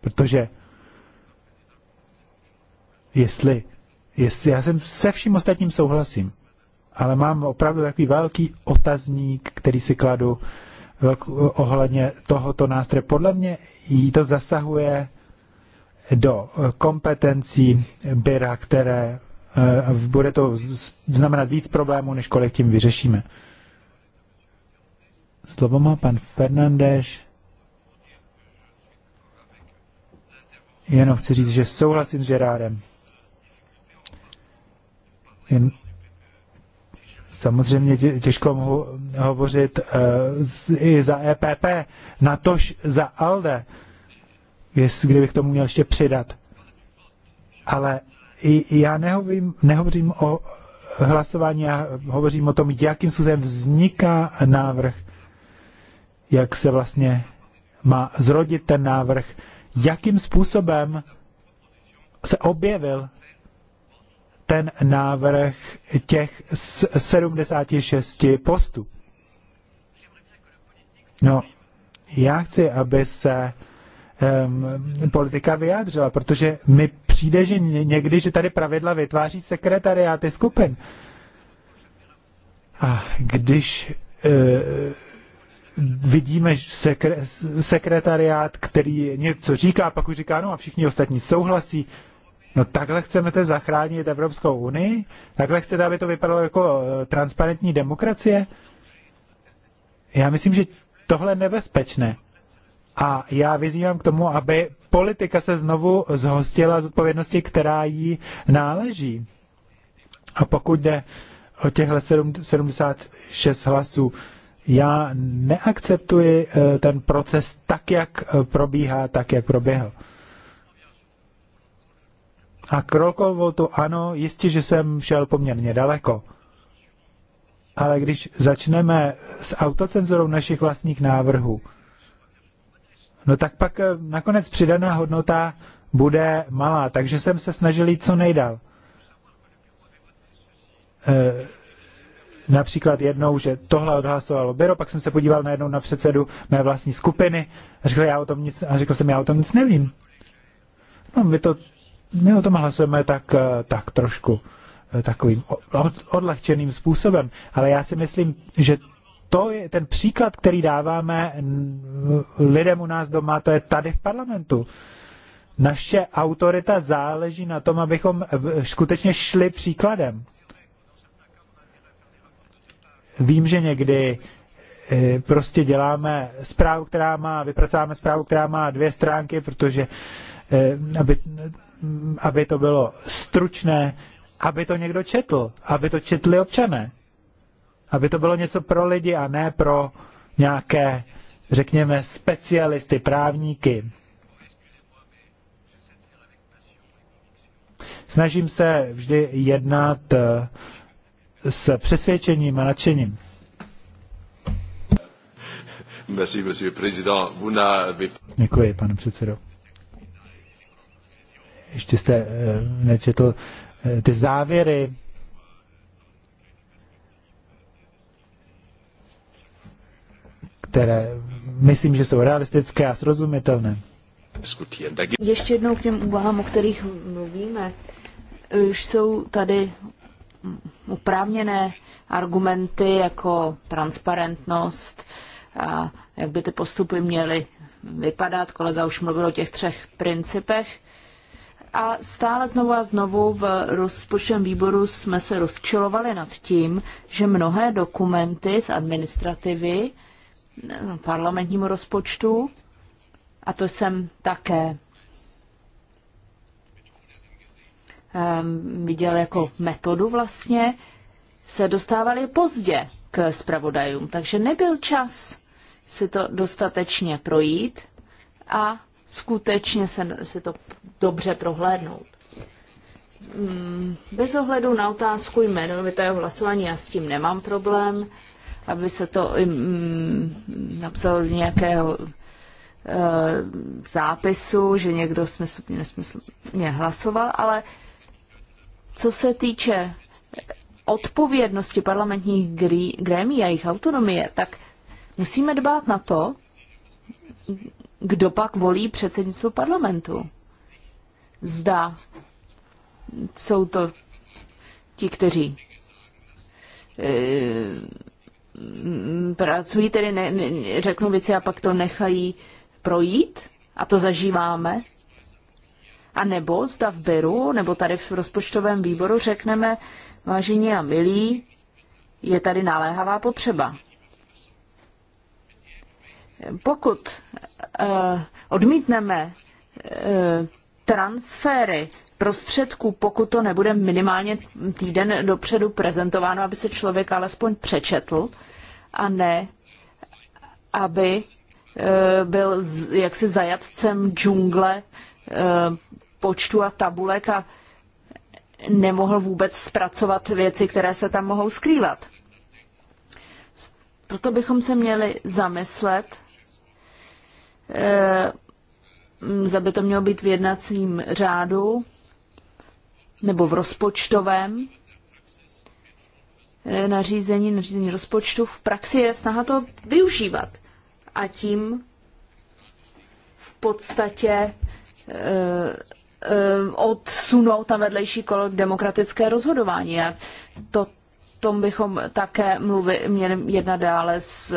Protože jestli, jestli já jsem se vším ostatním souhlasím, ale mám opravdu takový velký otazník, který si kladu, Eh, ohledně tohoto nástroje. Podle mě jí to zasahuje do eh, kompetencí byra, které eh, bude to znamenat víc problémů, než kolik tím vyřešíme. Slovo má pan Fernandeš. Jenom chci říct, že souhlasím s Gerárem. Jen Samozřejmě těžko mohu hovořit eh, i za EPP, natož za ALDE, kdybych tomu měl ještě přidat. Ale já nehovím, nehovořím o hlasování, já hovořím o tom, jakým způsobem vzniká návrh, jak se vlastně má zrodit ten návrh, jakým způsobem se objevil ten návrh těch 76 postů. No, já chci, aby se um, politika vyjádřila, protože mi přijde, že někdy, že tady pravidla vytváří sekretariáty skupin. A když uh, vidíme sekre, sekretariát, který něco říká, pak už říká, no a všichni ostatní souhlasí, No takhle chceme zachránit Evropskou unii? Takhle chcete, aby to vypadalo jako e, transparentní demokracie? Já myslím, že tohle je nebezpečné. A já vyzývám k tomu, aby politika se znovu zhostila z odpovědnosti, která jí náleží. A pokud jde o těchto 76 hlasů, já neakceptuji e, ten proces tak, jak e, probíhá, tak, jak proběhl. A k Rokovoltu ano, jistě, že jsem šel poměrně daleko. Ale když začneme s autocenzorou našich vlastních návrhů, no tak pak eh, nakonec přidaná hodnota bude malá, takže jsem se snažil jít co nejdál. E, například jednou, že tohle odhlasovalo byro, pak jsem se podíval najednou na předsedu mé vlastní skupiny a řekl, já o tom nic, a řekl jsem, já o tom nic nevím. No, my to my o tom hlasujeme tak, eh, tak trošku eh, takovým odlehčeným způsobem, ale já si myslím, že to je ten příklad, který dáváme lidem u nás doma, to je tady v parlamentu. Naše autorita záleží na tom, abychom eh, skutečně šli příkladem. Vím, že někdy prostě děláme zprávu, která má, vypracováme zprávu, která má dvě stránky, protože aby Mm, aby to bylo stručné, aby to někdo četl, aby to četli občané. Aby to bylo něco pro lidi a ne pro nějaké, řekněme, specialisty, právníky. Snažím se vždy jednat eh, s přesvědčením a nadšením. Děkuji, pane předsedo ještě jste eh, nečetl eh, ty závěry které myslím, že jsou realistické a srozumitelné. Ještě jednou k těm úvahám, o kterých mluvíme. Už jsou tady oprávněné argumenty jako transparentnost a jak by ty postupy měly vypadat. Kolega už mluvil o těch třech principech. A stále znovu a znovu v rozpočtovém výboru jsme se rozčilovali nad tím, že mnohé dokumenty z administrativy no, parlamentnímu rozpočtu, a to jsem také ehm, viděl jako metodu vlastně, se dostávali pozdě k zpravodajům, takže nebyl čas si to dostatečně projít a skutečně se, se to dobře prohlédnout. Mm, bez ohledu na otázku jmenovitého hlasování, já s tím nemám problém, aby se to mm, napsalo do nějakého eh, zápisu, že někdo smysl, nesmyslně hlasoval, ale co se týče odpovědnosti parlamentních grémí a jejich autonomie, tak musíme dbát na to, kdo pak volí předsednictvo parlamentu. Zda jsou to ti, kteří e, pracují, tedy ne, ne, řeknu věci a pak to nechají projít a to zažíváme. A nebo zda v Beru, nebo tady v rozpočtovém výboru řekneme, vážení a milí, je tady naléhavá potřeba. Pokud eh, odmítneme eh, transfery prostředků, pokud to nebude minimálně týden dopředu prezentováno, aby se člověk alespoň přečetl a ne, aby eh, byl jaksi zajatcem džungle počtu a tabulek a nemohl vůbec zpracovat věci, které se tam mohou skrývat. Proto bychom se měli zamyslet Eh, zda by to mělo být v jednacím řádu nebo v rozpočtovém eh, nařízení, nařízení rozpočtu. V praxi je snaha to využívat a tím v podstatě eh, odsunout na vedlejší kolo demokratické rozhodování. A to, tom bychom také mluvili, měli jednat dále s,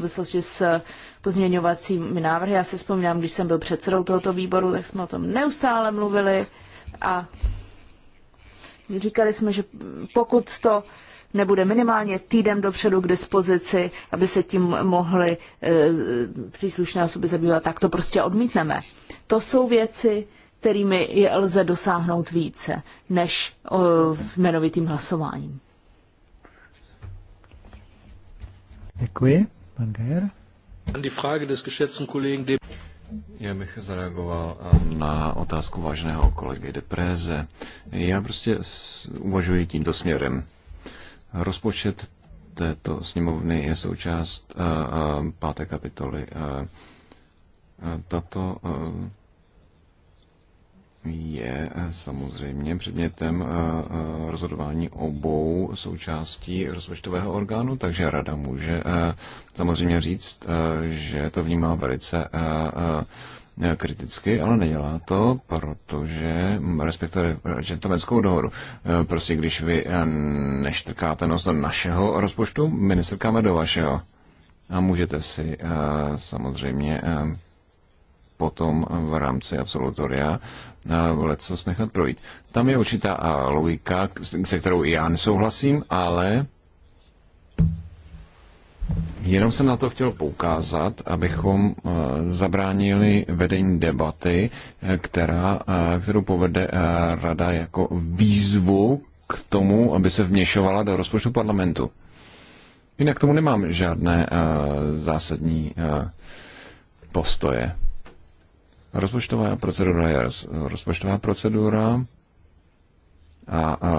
v s pozměňovacími návrhy. Já si vzpomínám, když jsem byl předsedou tohoto výboru, tak jsme o tom neustále mluvili a říkali jsme, že pokud to nebude minimálně týden dopředu k dispozici, aby se tím mohly e, příslušné osoby zabývat, tak to prostě odmítneme. To jsou věci, kterými je lze dosáhnout více než o, eh, jmenovitým hlasováním. Děkuji, pan Gajer. Já bych zareagoval na otázku vážného kolegy Depréze. Já prostě uvažuji tímto směrem. Rozpočet této sněmovny je součást eh, eh, páté kapitoly. Eh, tato je eh, samozřejmě předmětem eh, eh, rozhodování obou součástí rozpočtového orgánu, takže rada může samozřejmě říct, že to vnímá velice kriticky, ale nedělá to, protože hm, respektuje gentlemanskou dohodu. Prostě když vy neštrkáte nos do našeho rozpočtu, my nestrkáme do vašeho. A můžete si samozřejmě potom v rámci absolutoria eh, lecos nechat projít. Tam je určitá eh, logika, se kterou i já nesouhlasím, ale Jenom jsem na to chtěl poukázat, abychom eh, zabránili vedení debaty, která, kterou povede rada jako výzvu k tomu, aby se vměšovala do rozpočtu parlamentu. Jinak k tomu nemám žádné zásadní postoje. Rozpočtová procedura je rozpočtová procedura a, a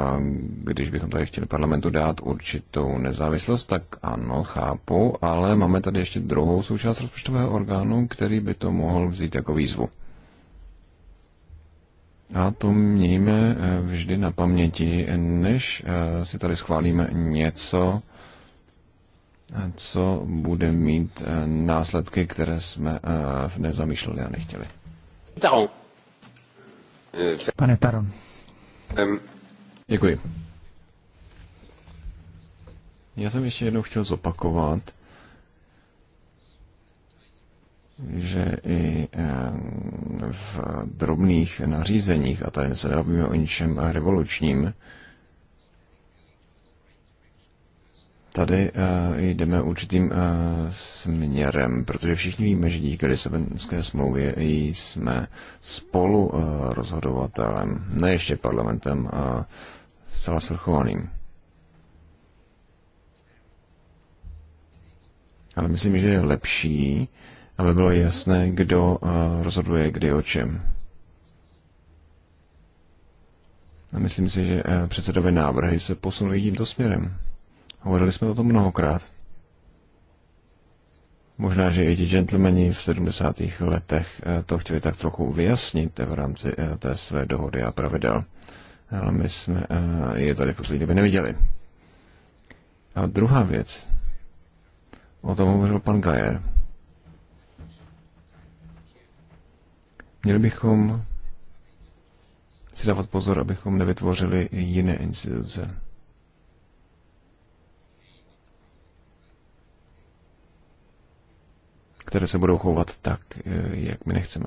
když bychom tady chtěli parlamentu dát určitou nezávislost, tak ano, chápu, ale máme tady ještě druhou součást rozpočtového orgánu, který by to mohl vzít jako výzvu. A to mějme eh, vždy na paměti, než eh, si tady schválíme něco, eh, co bude mít následky, které jsme nezamýšleli a nechtěli. Taron. Pane Taron. Děkuji. Já jsem ještě jednou chtěl zopakovat, že i v drobných nařízeních, a tady se nebavíme o ničem revolučním, Tady uh, jdeme určitým uh, směrem, protože všichni víme, že díky Lisabonské smlouvě jsme spolu uh, rozhodovatelem, ne ještě parlamentem, uh, zcela svrchovaným. Ale myslím, že je lepší, aby bylo jasné, kdo uh, rozhoduje kdy o čem. A myslím si, že uh, předsedové návrhy se posunují tímto směrem. Hovorili jsme o tom mnohokrát. Možná, že i ti gentlemani v 70. letech eh, to chtěli tak trochu vyjasnit eh, v rámci eh, té své dohody a pravidel. Ale my jsme je tady poslední době neviděli. A druhá věc. O tom hovořil pan Gajer. Měli bychom si dávat pozor, abychom nevytvořili jiné instituce které se budou chovat tak, eh, jak my nechceme.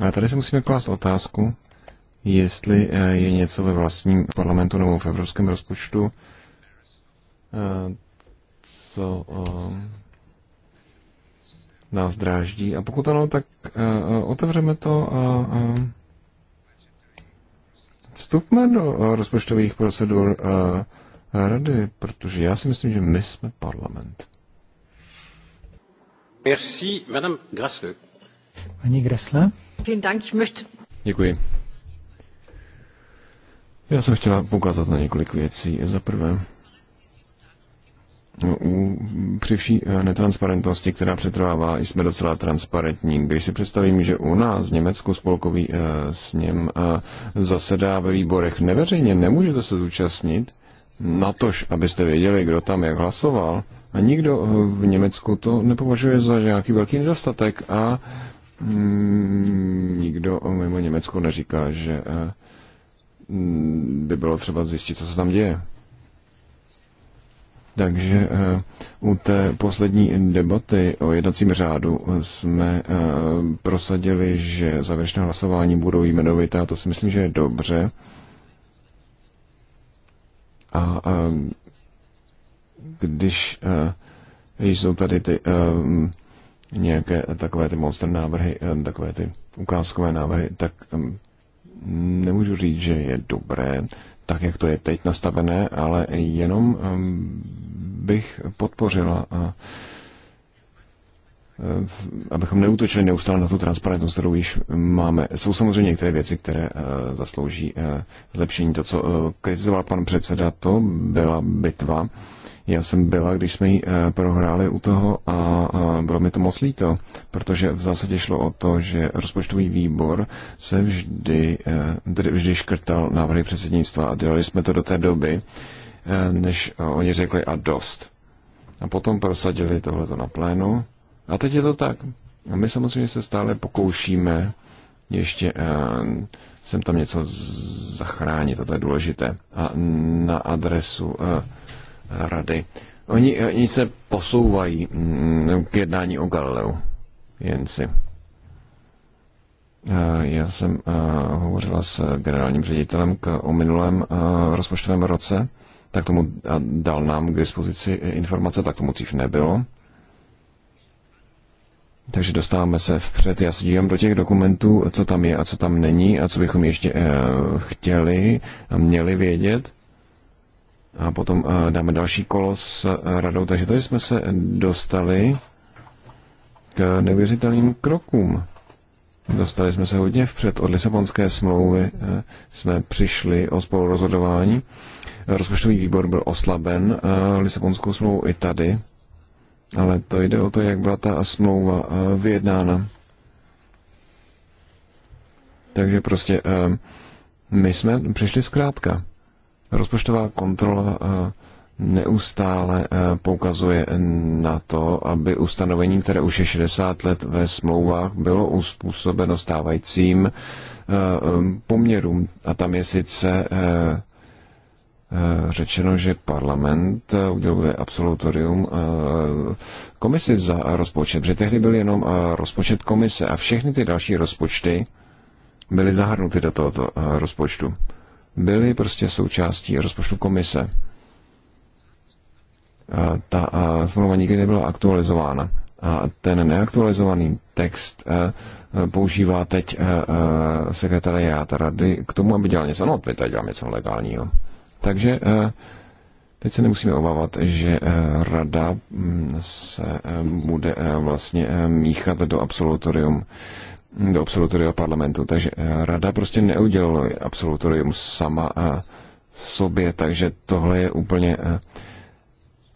Ale tady se musíme klást otázku, jestli eh, je něco ve vlastním parlamentu nebo v evropském rozpočtu, eh, co nás dráždí. A pokud ano, tak otevřeme to a vstupme do rozpočtových procedur rady, protože já si myslím, že my jsme parlament. Merci, Madame Grasle. Paní Grasle. Děkuji. Já jsem chtěla poukázat na několik věcí. Za prvé, při vší eh, netransparentnosti, která přetrvává, jsme docela transparentní. Když si představím, že u nás v Německu spolkový eh, sněm eh, zasedá ve výborech neveřejně, nemůžete se zúčastnit, natož, abyste věděli, kdo tam jak hlasoval, a nikdo eh, v Německu to nepovažuje za nějaký velký nedostatek a mm, nikdo eh, mimo Německo neříká, že eh, mm, by bylo třeba zjistit, co se tam děje. Takže u té poslední debaty o jednacím řádu jsme prosadili, že závěrečné hlasování budou jmenovité a to si myslím, že je dobře. A Eh, když jsou tady ty eh, nějaké takové ty monster návrhy, eh, takové ty ukázkové návrhy, tak nemůžu říct, že je dobré tak, jak to je teď nastavené, ale jenom bych podpořila Eh, abychom neútočili neustále na tu transparentnost, kterou již máme. Jsou samozřejmě některé věci, které eh, zaslouží eh, zlepšení. To, co kritizoval pan předseda, to byla bitva. Já jsem byla, když jsme ji prohráli u toho a bylo mi to moc líto, protože v zásadě šlo o to, že rozpočtový výbor se vždy, tedy vždy škrtal návrhy předsednictva a dělali jsme to do té doby, než oni řekli a dost. A potom prosadili tohleto na plénu a teď je to tak. A my samozřejmě se stále pokoušíme ještě uh, sem tam něco zachránit, a to je důležité. A na adresu uh, rady. Oni, eh, oni se posouvají mm, k jednání o Galileu, jen si. Já jsem hovořila s generálním ředitelem k, o minulém rozpočtovém roce, tak tomu dal nám k dispozici informace, tak tomu dřív nebylo. Takže dostáváme se vpřed. Já se dívám do těch dokumentů, co tam je a co tam není a co bychom ještě eh, chtěli a měli vědět. A potom eh, dáme další kolo s eh, radou. Takže tady jsme se dostali k neuvěřitelným krokům. Dostali jsme se hodně vpřed od Lisabonské smlouvy, jsme přišli o spolurozhodování. Rozpočtový výbor byl oslaben Lisabonskou smlouvu i tady. Ale to jde o to, jak byla ta smlouva eh, vyjednána. Takže prostě eh, my jsme přišli zkrátka. Rozpočtová kontrola eh, neustále poukazuje na to, aby ustanovení, které už je 60 let ve smlouvách, bylo uspůsobeno stávajícím poměrům. A tam je sice Eh, řečeno, že parlament eh, uděluje absolutorium eh, komisi za rozpočet, protože tehdy byl jenom rozpočet komise a všechny ty další rozpočty byly zahrnuty do tohoto rozpočtu. Byly prostě součástí rozpočtu komise. Ta smlouva nikdy nebyla aktualizována. A ten neaktualizovaný text používá teď sekretariát rady k tomu, aby dělal něco. No, my tady děláme něco legálního. Takže eh, teď se nemusíme obávat, že eh, rada mm, se eh, bude vlastně míchat do absolutorium do absolutoria parlamentu. Takže rada prostě neudělala absolutorium sama a sobě, takže tohle je úplně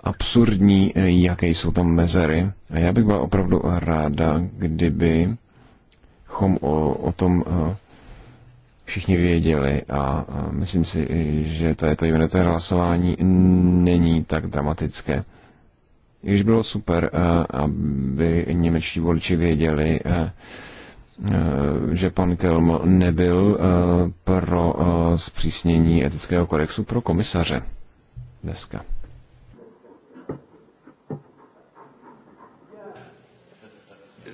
absurdní, jaké jsou tam mezery. A já bych byla opravdu ráda, kdyby chom o, o tom všichni věděli a myslím si, že to, je to jmenovité hlasování není tak dramatické. I když bylo super, aby němečtí voliči věděli, že pan Kelm nebyl pro zpřísnění etického kodexu pro komisaře dneska.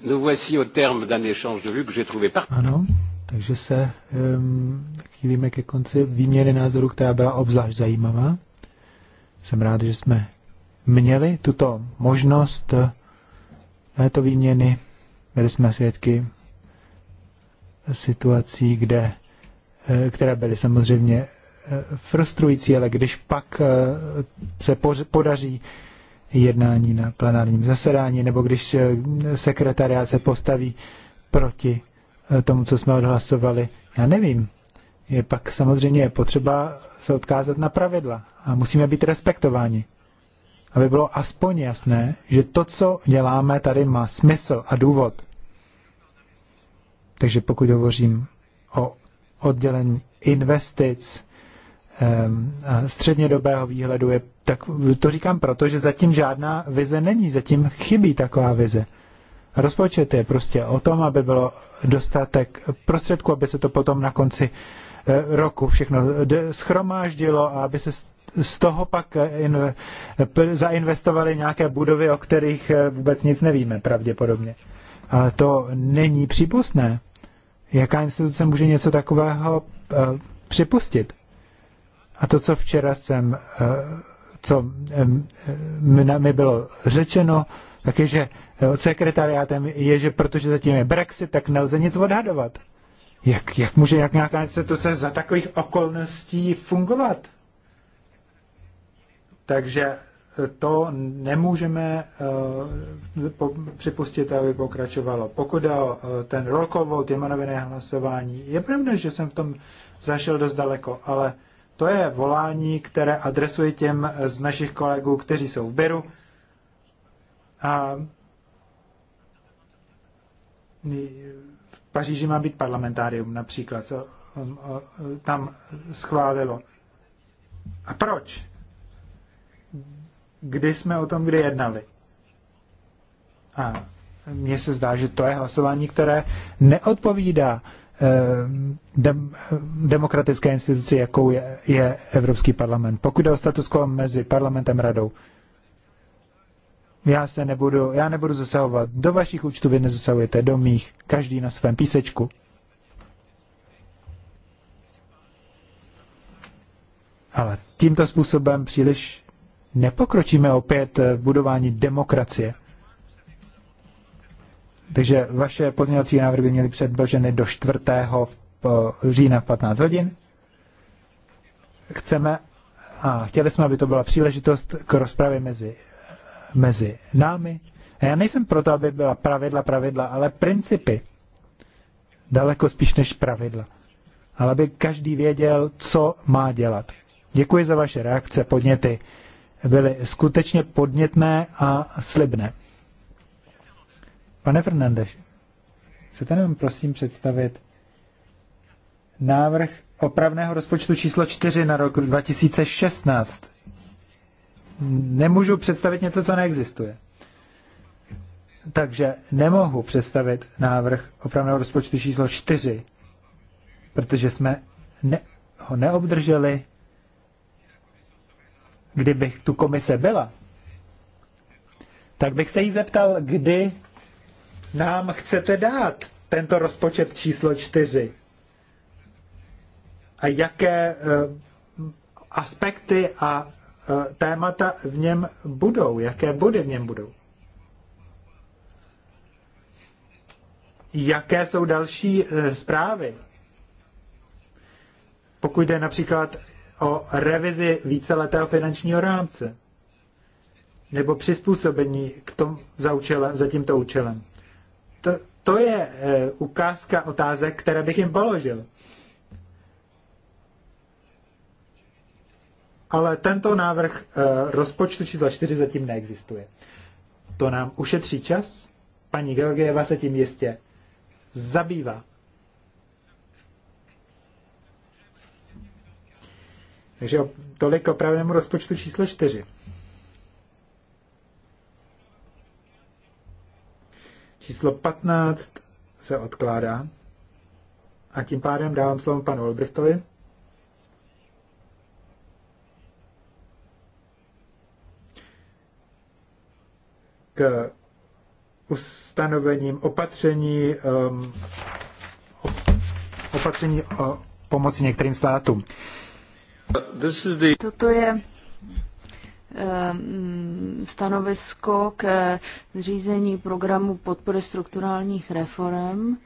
Nous voici au terme d'un échange de vues que j'ai trouvé Ano, takže se um, chýlíme ke konci výměny názoru, která byla obzvlášť zajímavá. Jsem rád, že jsme měli tuto možnost eh, této výměny. Byli jsme svědky situací, kde, eh, které byly samozřejmě eh, frustrující, ale když pak se podaří jednání na plenárním zasedání, nebo když sekretariát se postaví proti Eh, tomu, co jsme odhlasovali? Já nevím. Je pak samozřejmě potřeba se odkázat na pravidla a musíme být respektováni. Aby bylo aspoň jasné, že to, co děláme tady, má smysl a důvod. Takže pokud hovořím o oddělení investic a střednědobého výhledu, je, tak to říkám proto, že zatím žádná vize není, zatím chybí taková vize. Rozpočet je prostě o tom, aby bylo dostatek prostředků, aby se to potom na konci eh, roku všechno eh, schromáždilo a aby se z toho pak eh, in, zainvestovali nějaké budovy, o kterých vůbec nic nevíme pravděpodobně. Ale to není přípustné. Jaká instituce může něco takového připustit? A to, co včera jsem, co mi bylo řečeno, takže eh, sekretariátem je, že protože zatím je Brexit, tak nelze nic odhadovat. Jak, jak může jak nějaká instituce za takových okolností fungovat? Takže eh, to nemůžeme uh, po, připustit, aby pokračovalo. Pokud o uh, ten rokovou, ty vote, hlasování, je pravda, že jsem v tom zašel dost daleko, ale to je volání, které adresuje těm z našich kolegů, kteří jsou v Beru, a v Paříži má být parlamentárium například, co tam schválilo. A proč? Kdy jsme o tom kdy jednali? A mně se zdá, že to je hlasování, které neodpovídá eh, dem, demokratické instituci, jakou je, je Evropský parlament. Pokud jde o status quo mezi parlamentem a radou, já se nebudu, já nebudu zasahovat. Do vašich účtů vy nezasahujete, do mých, každý na svém písečku. Ale tímto způsobem příliš nepokročíme opět v budování demokracie. Takže vaše pozměňovací návrhy by měly předloženy do 4. října v 15 hodin. Chceme a chtěli jsme, aby to byla příležitost k rozpravě mezi mezi námi. A já nejsem proto, aby byla pravidla, pravidla, ale principy. Daleko spíš než pravidla. Ale aby každý věděl, co má dělat. Děkuji za vaše reakce, podněty. Byly skutečně podnětné a slibné. Pane Fernandeš, chcete nám prosím představit návrh opravného rozpočtu číslo 4 na rok 2016? nemůžu představit něco, co neexistuje. Takže nemohu představit návrh opravného rozpočtu číslo 4, protože jsme ne, ho neobdrželi, Kdybych tu komise byla. Tak bych se jí zeptal, kdy nám chcete dát tento rozpočet číslo 4 a jaké uh, aspekty a Eh, témata v něm budou, jaké body v něm budou. Jaké jsou další eh, zprávy? Pokud jde například o revizi víceletého finančního rámce nebo přizpůsobení k tom za, účelem, za tímto účelem. To, to je eh, ukázka otázek, které bych jim položil. ale tento návrh eh, rozpočtu číslo 4 zatím neexistuje. To nám ušetří čas. Paní Georgieva se tím jistě zabývá. Takže tolik opravnému rozpočtu číslo 4. Číslo 15 se odkládá. A tím pádem dávám slovo panu Olbrichtovi. k ustanovením opatření, um, opatření o pomoci některým státům. Toto je um, stanovisko k zřízení programu podpory strukturálních reform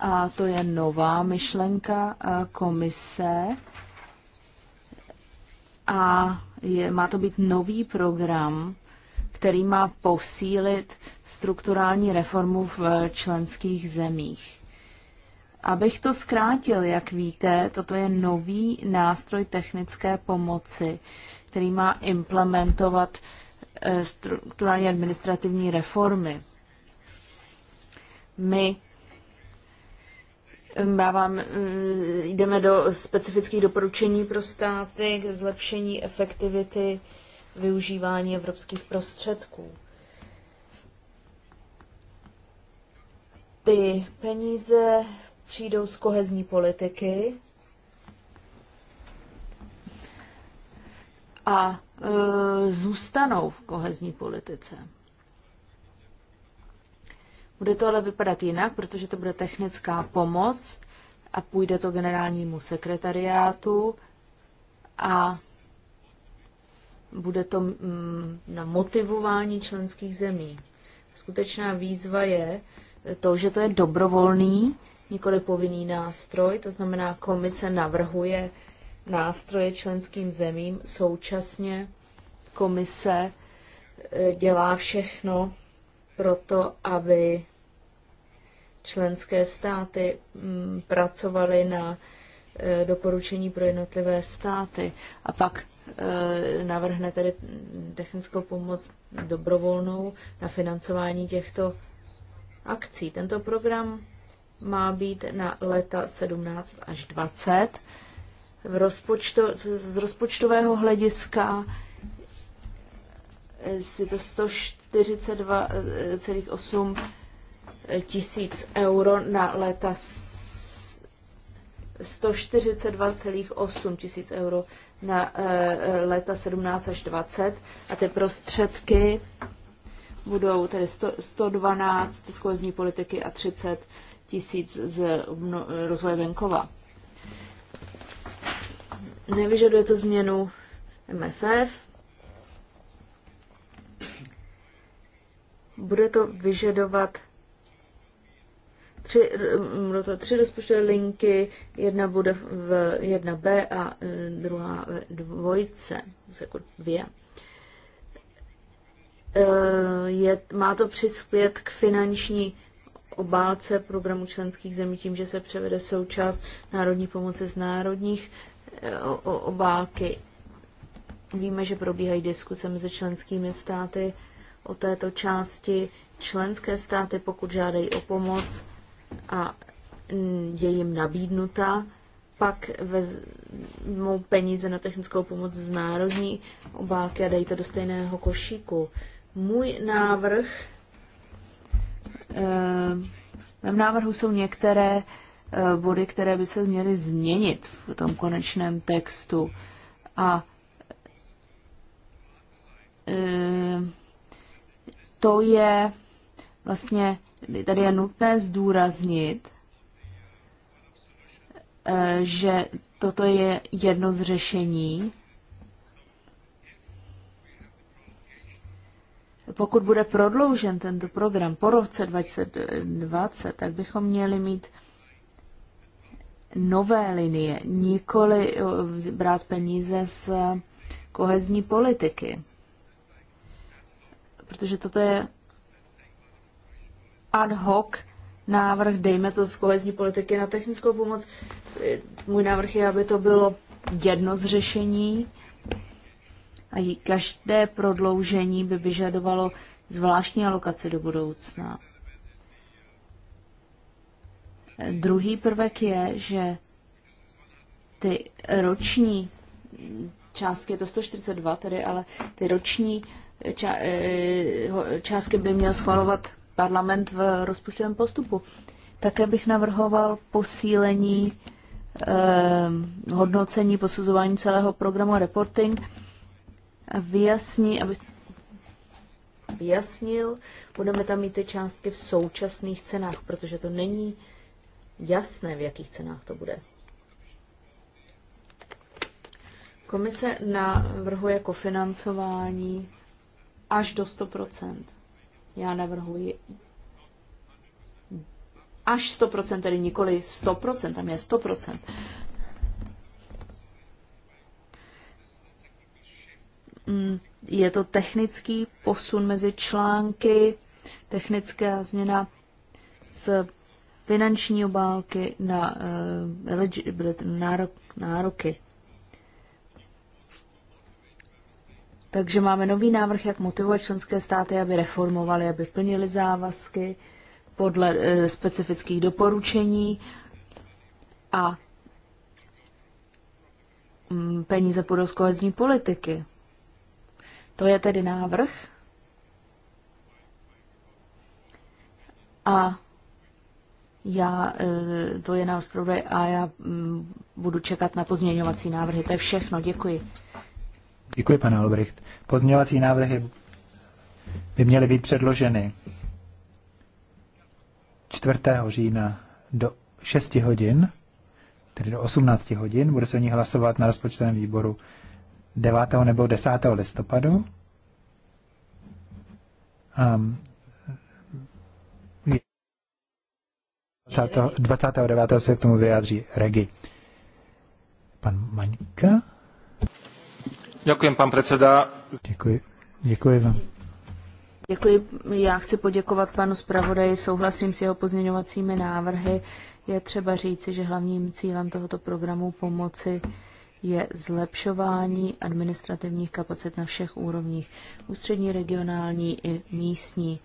a to je nová myšlenka uh, komise a je, má to být nový program který má posílit strukturální reformu v členských zemích. Abych to zkrátil, jak víte, toto je nový nástroj technické pomoci, který má implementovat eh, strukturální administrativní reformy. My eh, vám, eh, jdeme do specifických doporučení pro státy k zlepšení efektivity využívání evropských prostředků. Ty peníze přijdou z kohezní politiky a e, zůstanou v kohezní politice. Bude to ale vypadat jinak, protože to bude technická pomoc a půjde to generálnímu sekretariátu a bude to mm, na motivování členských zemí. Skutečná výzva je to, že to je dobrovolný, nikoli povinný nástroj, to znamená, komise navrhuje nástroje členským zemím, současně komise e, dělá všechno pro to, aby členské státy mm, pracovaly na e, doporučení pro jednotlivé státy. A pak Eh, navrhne tedy technickou pomoc dobrovolnou na financování těchto akcí. Tento program má být na leta 17 až 20. V rozpočto, z rozpočtového hlediska je eh, to 142,8 eh, tisíc euro na leta 142,8 tisíc euro na e, léta 17 až 20 a ty prostředky budou tedy 100, 112 z kohezní politiky a 30 tisíc z rozvoje venkova. Nevyžaduje to změnu MFF. Bude to vyžadovat tři, budou to tři rozpočtové linky, jedna bude v 1B a e, druhá v dvojce, jako dvě. E, je, má to přispět k finanční obálce programu členských zemí tím, že se převede součást národní pomoci z národních e, obálky. Víme, že probíhají diskuse mezi členskými státy o této části. Členské státy, pokud žádají o pomoc, a je jim nabídnuta, pak vezmou peníze na technickou pomoc z národní obálky a dají to do stejného košíku. Můj návrh, eh, v mém návrhu jsou některé eh, body, které by se měly změnit v tom konečném textu. A eh, to je vlastně tady je nutné zdůraznit, eh, že toto je jedno z řešení. Pokud bude prodloužen tento program po roce 2020, tak bychom měli mít nové linie, nikoli eh, brát peníze z kohezní politiky. Protože toto je ad hoc návrh, dejme to z kohezní politiky na technickou pomoc. Můj návrh je, aby to bylo jedno z řešení a každé prodloužení by vyžadovalo zvláštní alokaci do budoucna. Druhý prvek je, že ty roční částky, je to 142 tedy, ale ty roční eh, částky by měl schvalovat parlament v rozpočtovém postupu. Také bych navrhoval posílení eh, hodnocení, posuzování celého programu reporting vyjasní, aby vyjasnil, budeme tam mít ty částky v současných cenách, protože to není jasné, v jakých cenách to bude. Komise navrhuje kofinancování až do 100 já navrhuji až 100%, tedy nikoli 100%, tam je 100%. Mm, je to technický posun mezi články, technická změna z finanční obálky na uh, eh, eligibility, nárok, nároky. Takže máme nový návrh, jak motivovat členské státy, aby reformovali, aby plnili závazky podle e, specifických doporučení a mm, peníze půjdou z kohezní politiky. To je tedy návrh. A já, e, to je návrh a já m, mm, budu čekat na pozměňovací návrhy. To je všechno. Děkuji. Děkuji, pane Albrecht. Pozměňovací návrhy by měly být předloženy 4. října do 6 hodin, tedy do 18 hodin. Bude se o ní hlasovat na rozpočtovém výboru 9. nebo 10. listopadu. Um, ehm, 29. se k tomu vyjádří Regi. Pan Maňka? Děkuji, pan předseda. Děkuji. Děkuji vám. Děkuji. Já chci poděkovat panu zpravodaji, souhlasím s jeho pozměňovacími návrhy. Je třeba říci, že hlavním cílem tohoto programu pomoci je zlepšování administrativních kapacit na všech úrovních, ústřední, regionální i místní,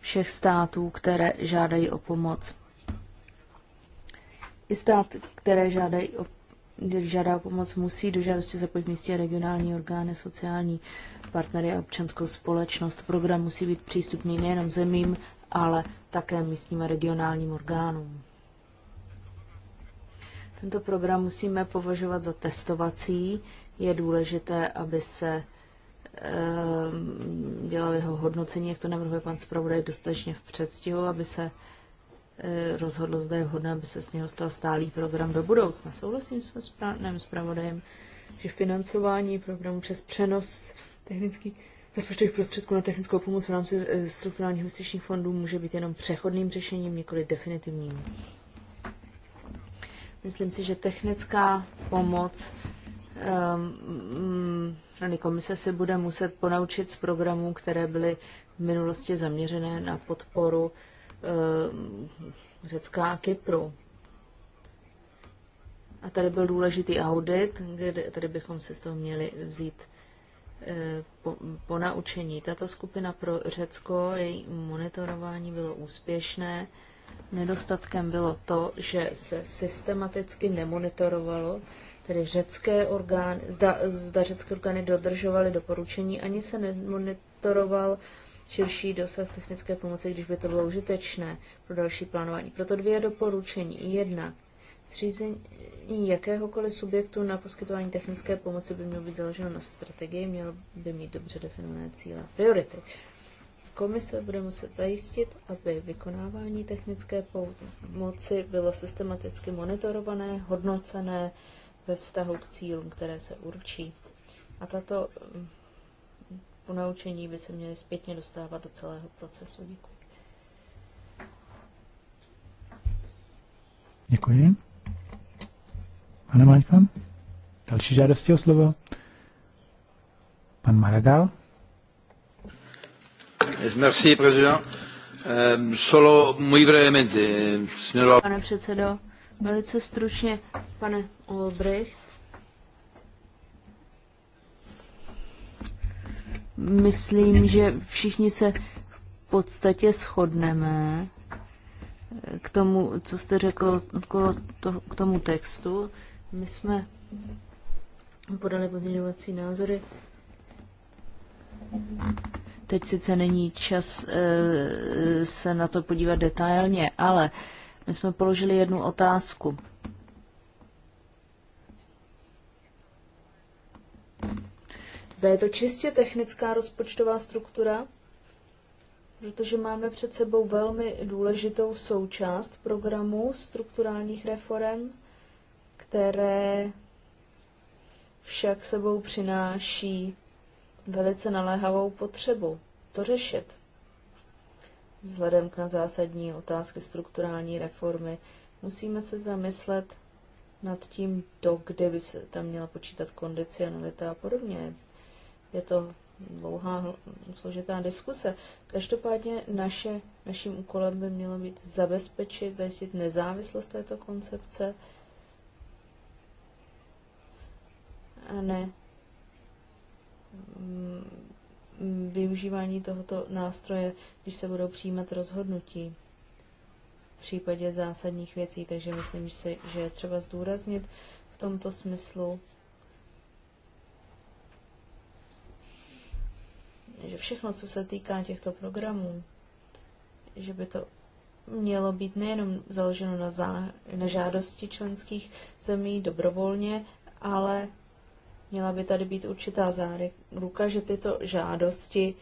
všech států, které žádají o pomoc. I stát, které žádají o žádá pomoc, musí do žádosti zapojit místě a regionální orgány, sociální partnery a občanskou společnost. Program musí být přístupný nejenom zemím, ale také místním a regionálním orgánům. Tento program musíme považovat za testovací. Je důležité, aby se ehm, dělal jeho hodnocení, jak to navrhuje pan zpravodaj, dostatečně v předstihu, aby se Eh, rozhodlo, zda je vhodné, aby se s něho stal stálý program do budoucna. Souhlasím s panem zpravodajem, že financování programu přes přenos technických rozpočtových prostředků na technickou pomoc v rámci eh, strukturálních investičních fondů může být jenom přechodným řešením, nikoli definitivním. Myslím si, že technická pomoc um, komise se bude muset ponaučit z programů, které byly v minulosti zaměřené na podporu Eh, Řecka a Kypru. A tady byl důležitý audit, kde tady bychom se z toho měli vzít eh, po, po naučení. Tato skupina pro Řecko, její monitorování bylo úspěšné. Nedostatkem bylo to, že se systematicky nemonitorovalo, tedy řecké orgány, zda, zda řecké orgány dodržovaly doporučení, ani se nemonitoroval širší dosah technické pomoci, když by to bylo užitečné pro další plánování. Proto dvě doporučení. Jedna. Zřízení jakéhokoliv subjektu na poskytování technické pomoci by mělo být založeno na strategii, mělo by mít dobře definované cíle a priority. Komise bude muset zajistit, aby vykonávání technické pomoci bylo systematicky monitorované, hodnocené ve vztahu k cílům, které se určí. A tato ponaučení by se měly zpětně dostávat do celého procesu. Děkuji. Děkuji. Pane Maňka, další žádosti o slovo. Pan Maragal. Merci, prezident. Ehm, solo můj brevementy. Pane předsedo, velice stručně, pane Olbrich myslím, že všichni se v podstatě shodneme eh, k tomu, co jste řekl okolo to, k tomu textu. My jsme podali pozměňovací názory. Teď sice není čas eh, se na to podívat detailně, ale my jsme položili jednu otázku. Zda je to čistě technická rozpočtová struktura, protože máme před sebou velmi důležitou součást programu strukturálních reform, které však sebou přináší velice naléhavou potřebu to řešit. Vzhledem k na zásadní otázky strukturální reformy musíme se zamyslet nad tím, do kde by se tam měla počítat kondicionalita a podobně je to dlouhá, složitá diskuse. Každopádně naše, naším úkolem by mělo být zabezpečit, zajistit nezávislost této koncepce a ne mm, využívání tohoto nástroje, když se budou přijímat rozhodnutí v případě zásadních věcí. Takže myslím že si, že je třeba zdůraznit v tomto smyslu že všechno, co se týká těchto programů, že by to mělo být nejenom založeno na, zá, na žádosti členských zemí dobrovolně, ale měla by tady být určitá záruka, že tyto žádosti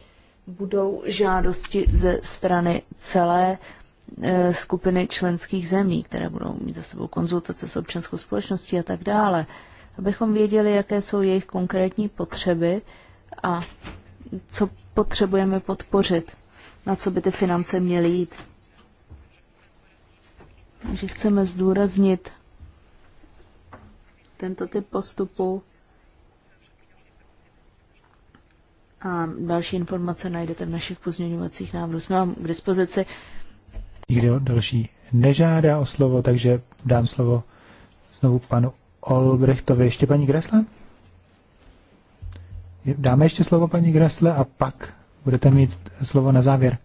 budou žádosti ze strany celé e, skupiny členských zemí, které budou mít za sebou konzultace s občanskou společností a tak dále, abychom věděli, jaké jsou jejich konkrétní potřeby a co potřebujeme podpořit, na co by ty finance měly jít. Takže chceme zdůraznit tento typ postupu a další informace najdete v našich pozměňovacích návrhů. Jsme vám k dispozici. Nikdo další nežádá o slovo, takže dám slovo znovu panu Olbrechtovi. Ještě paní Gresle? Dáme ještě slovo paní Gressle a pak budete mít slovo na závěr.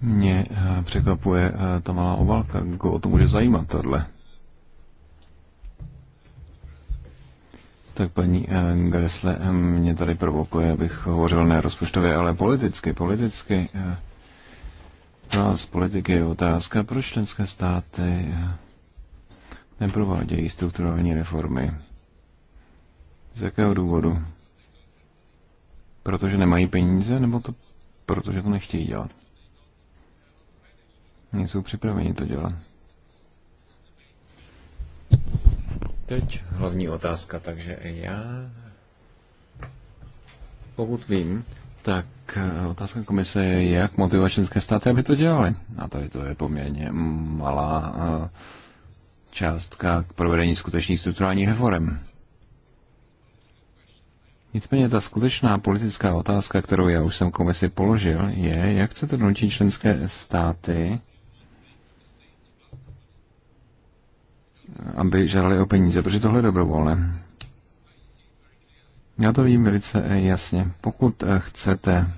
Mě eh, překvapuje eh, ta malá obálka. Kdo o to může zajímat, tohle? Tak paní eh, Gresle mě tady provokuje, abych hovořil ne rozpočtově, ale politicky, politicky. Pro no, nás politiky je otázka, proč členské státy neprovádějí strukturální reformy. Z jakého důvodu? Protože nemají peníze, nebo to protože to nechtějí dělat? Nejsou připraveni to dělat. Teď hlavní otázka, takže já, pokud vím, tak eh, otázka komise je, jak motivovat členské státy, aby to dělali. A tady to je poměrně malá uh, částka k provedení skutečných strukturálních reform. Nicméně ta skutečná politická otázka, kterou já už jsem komisi položil, je, jak chcete donutit členské státy, aby žádali o peníze, protože tohle je dobrovolné. Já to vidím velice jasně. Pokud chcete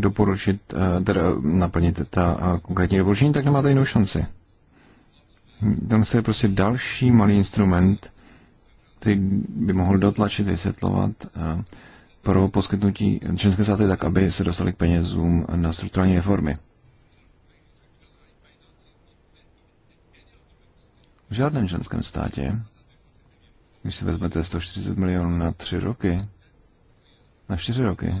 doporučit, eh, teda naplnit ta eh, konkrétní doporučení, tak nemáte jinou šanci. Tam se je prostě další malý instrument, který by mohl dotlačit, vysvětlovat eh, pro poskytnutí členské státy tak, aby se dostali k penězům na strukturální reformy. V žádném členském státě, když si vezmete 140 milionů na tři roky, na čtyři roky,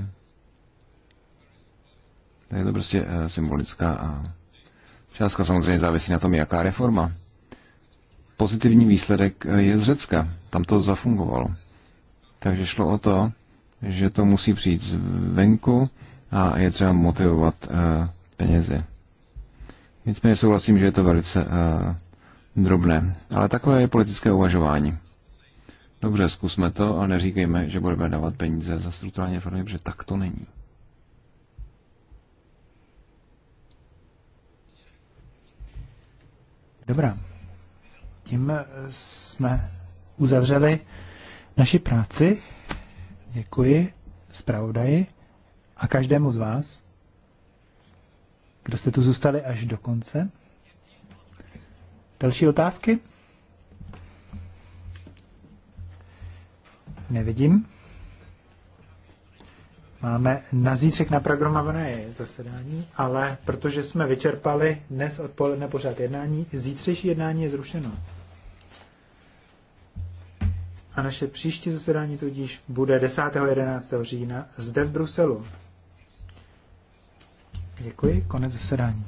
tak je to prostě eh, symbolická a částka samozřejmě závisí na tom, jaká reforma. Pozitivní výsledek eh, je z Řecka. Tam to zafungovalo. Takže šlo o to, že to musí přijít zvenku a je třeba motivovat eh, penězi. Nicméně souhlasím, že je to velice drobné. Ale takové je politické uvažování. Dobře, zkusme to a neříkejme, že budeme dávat peníze za strukturální reformy, protože tak to není. Dobrá. Tím eh, jsme uzavřeli naši práci. Děkuji zpravodaji a každému z vás, kdo jste tu zůstali až do konce. Další otázky? Nevidím. Máme na zítřek naprogramované zasedání, ale protože jsme vyčerpali dnes odpoledne pořád jednání, zítřejší jednání je zrušeno. A naše příští zasedání tudíž bude 10. 11. října zde v Bruselu. Děkuji, konec zasedání.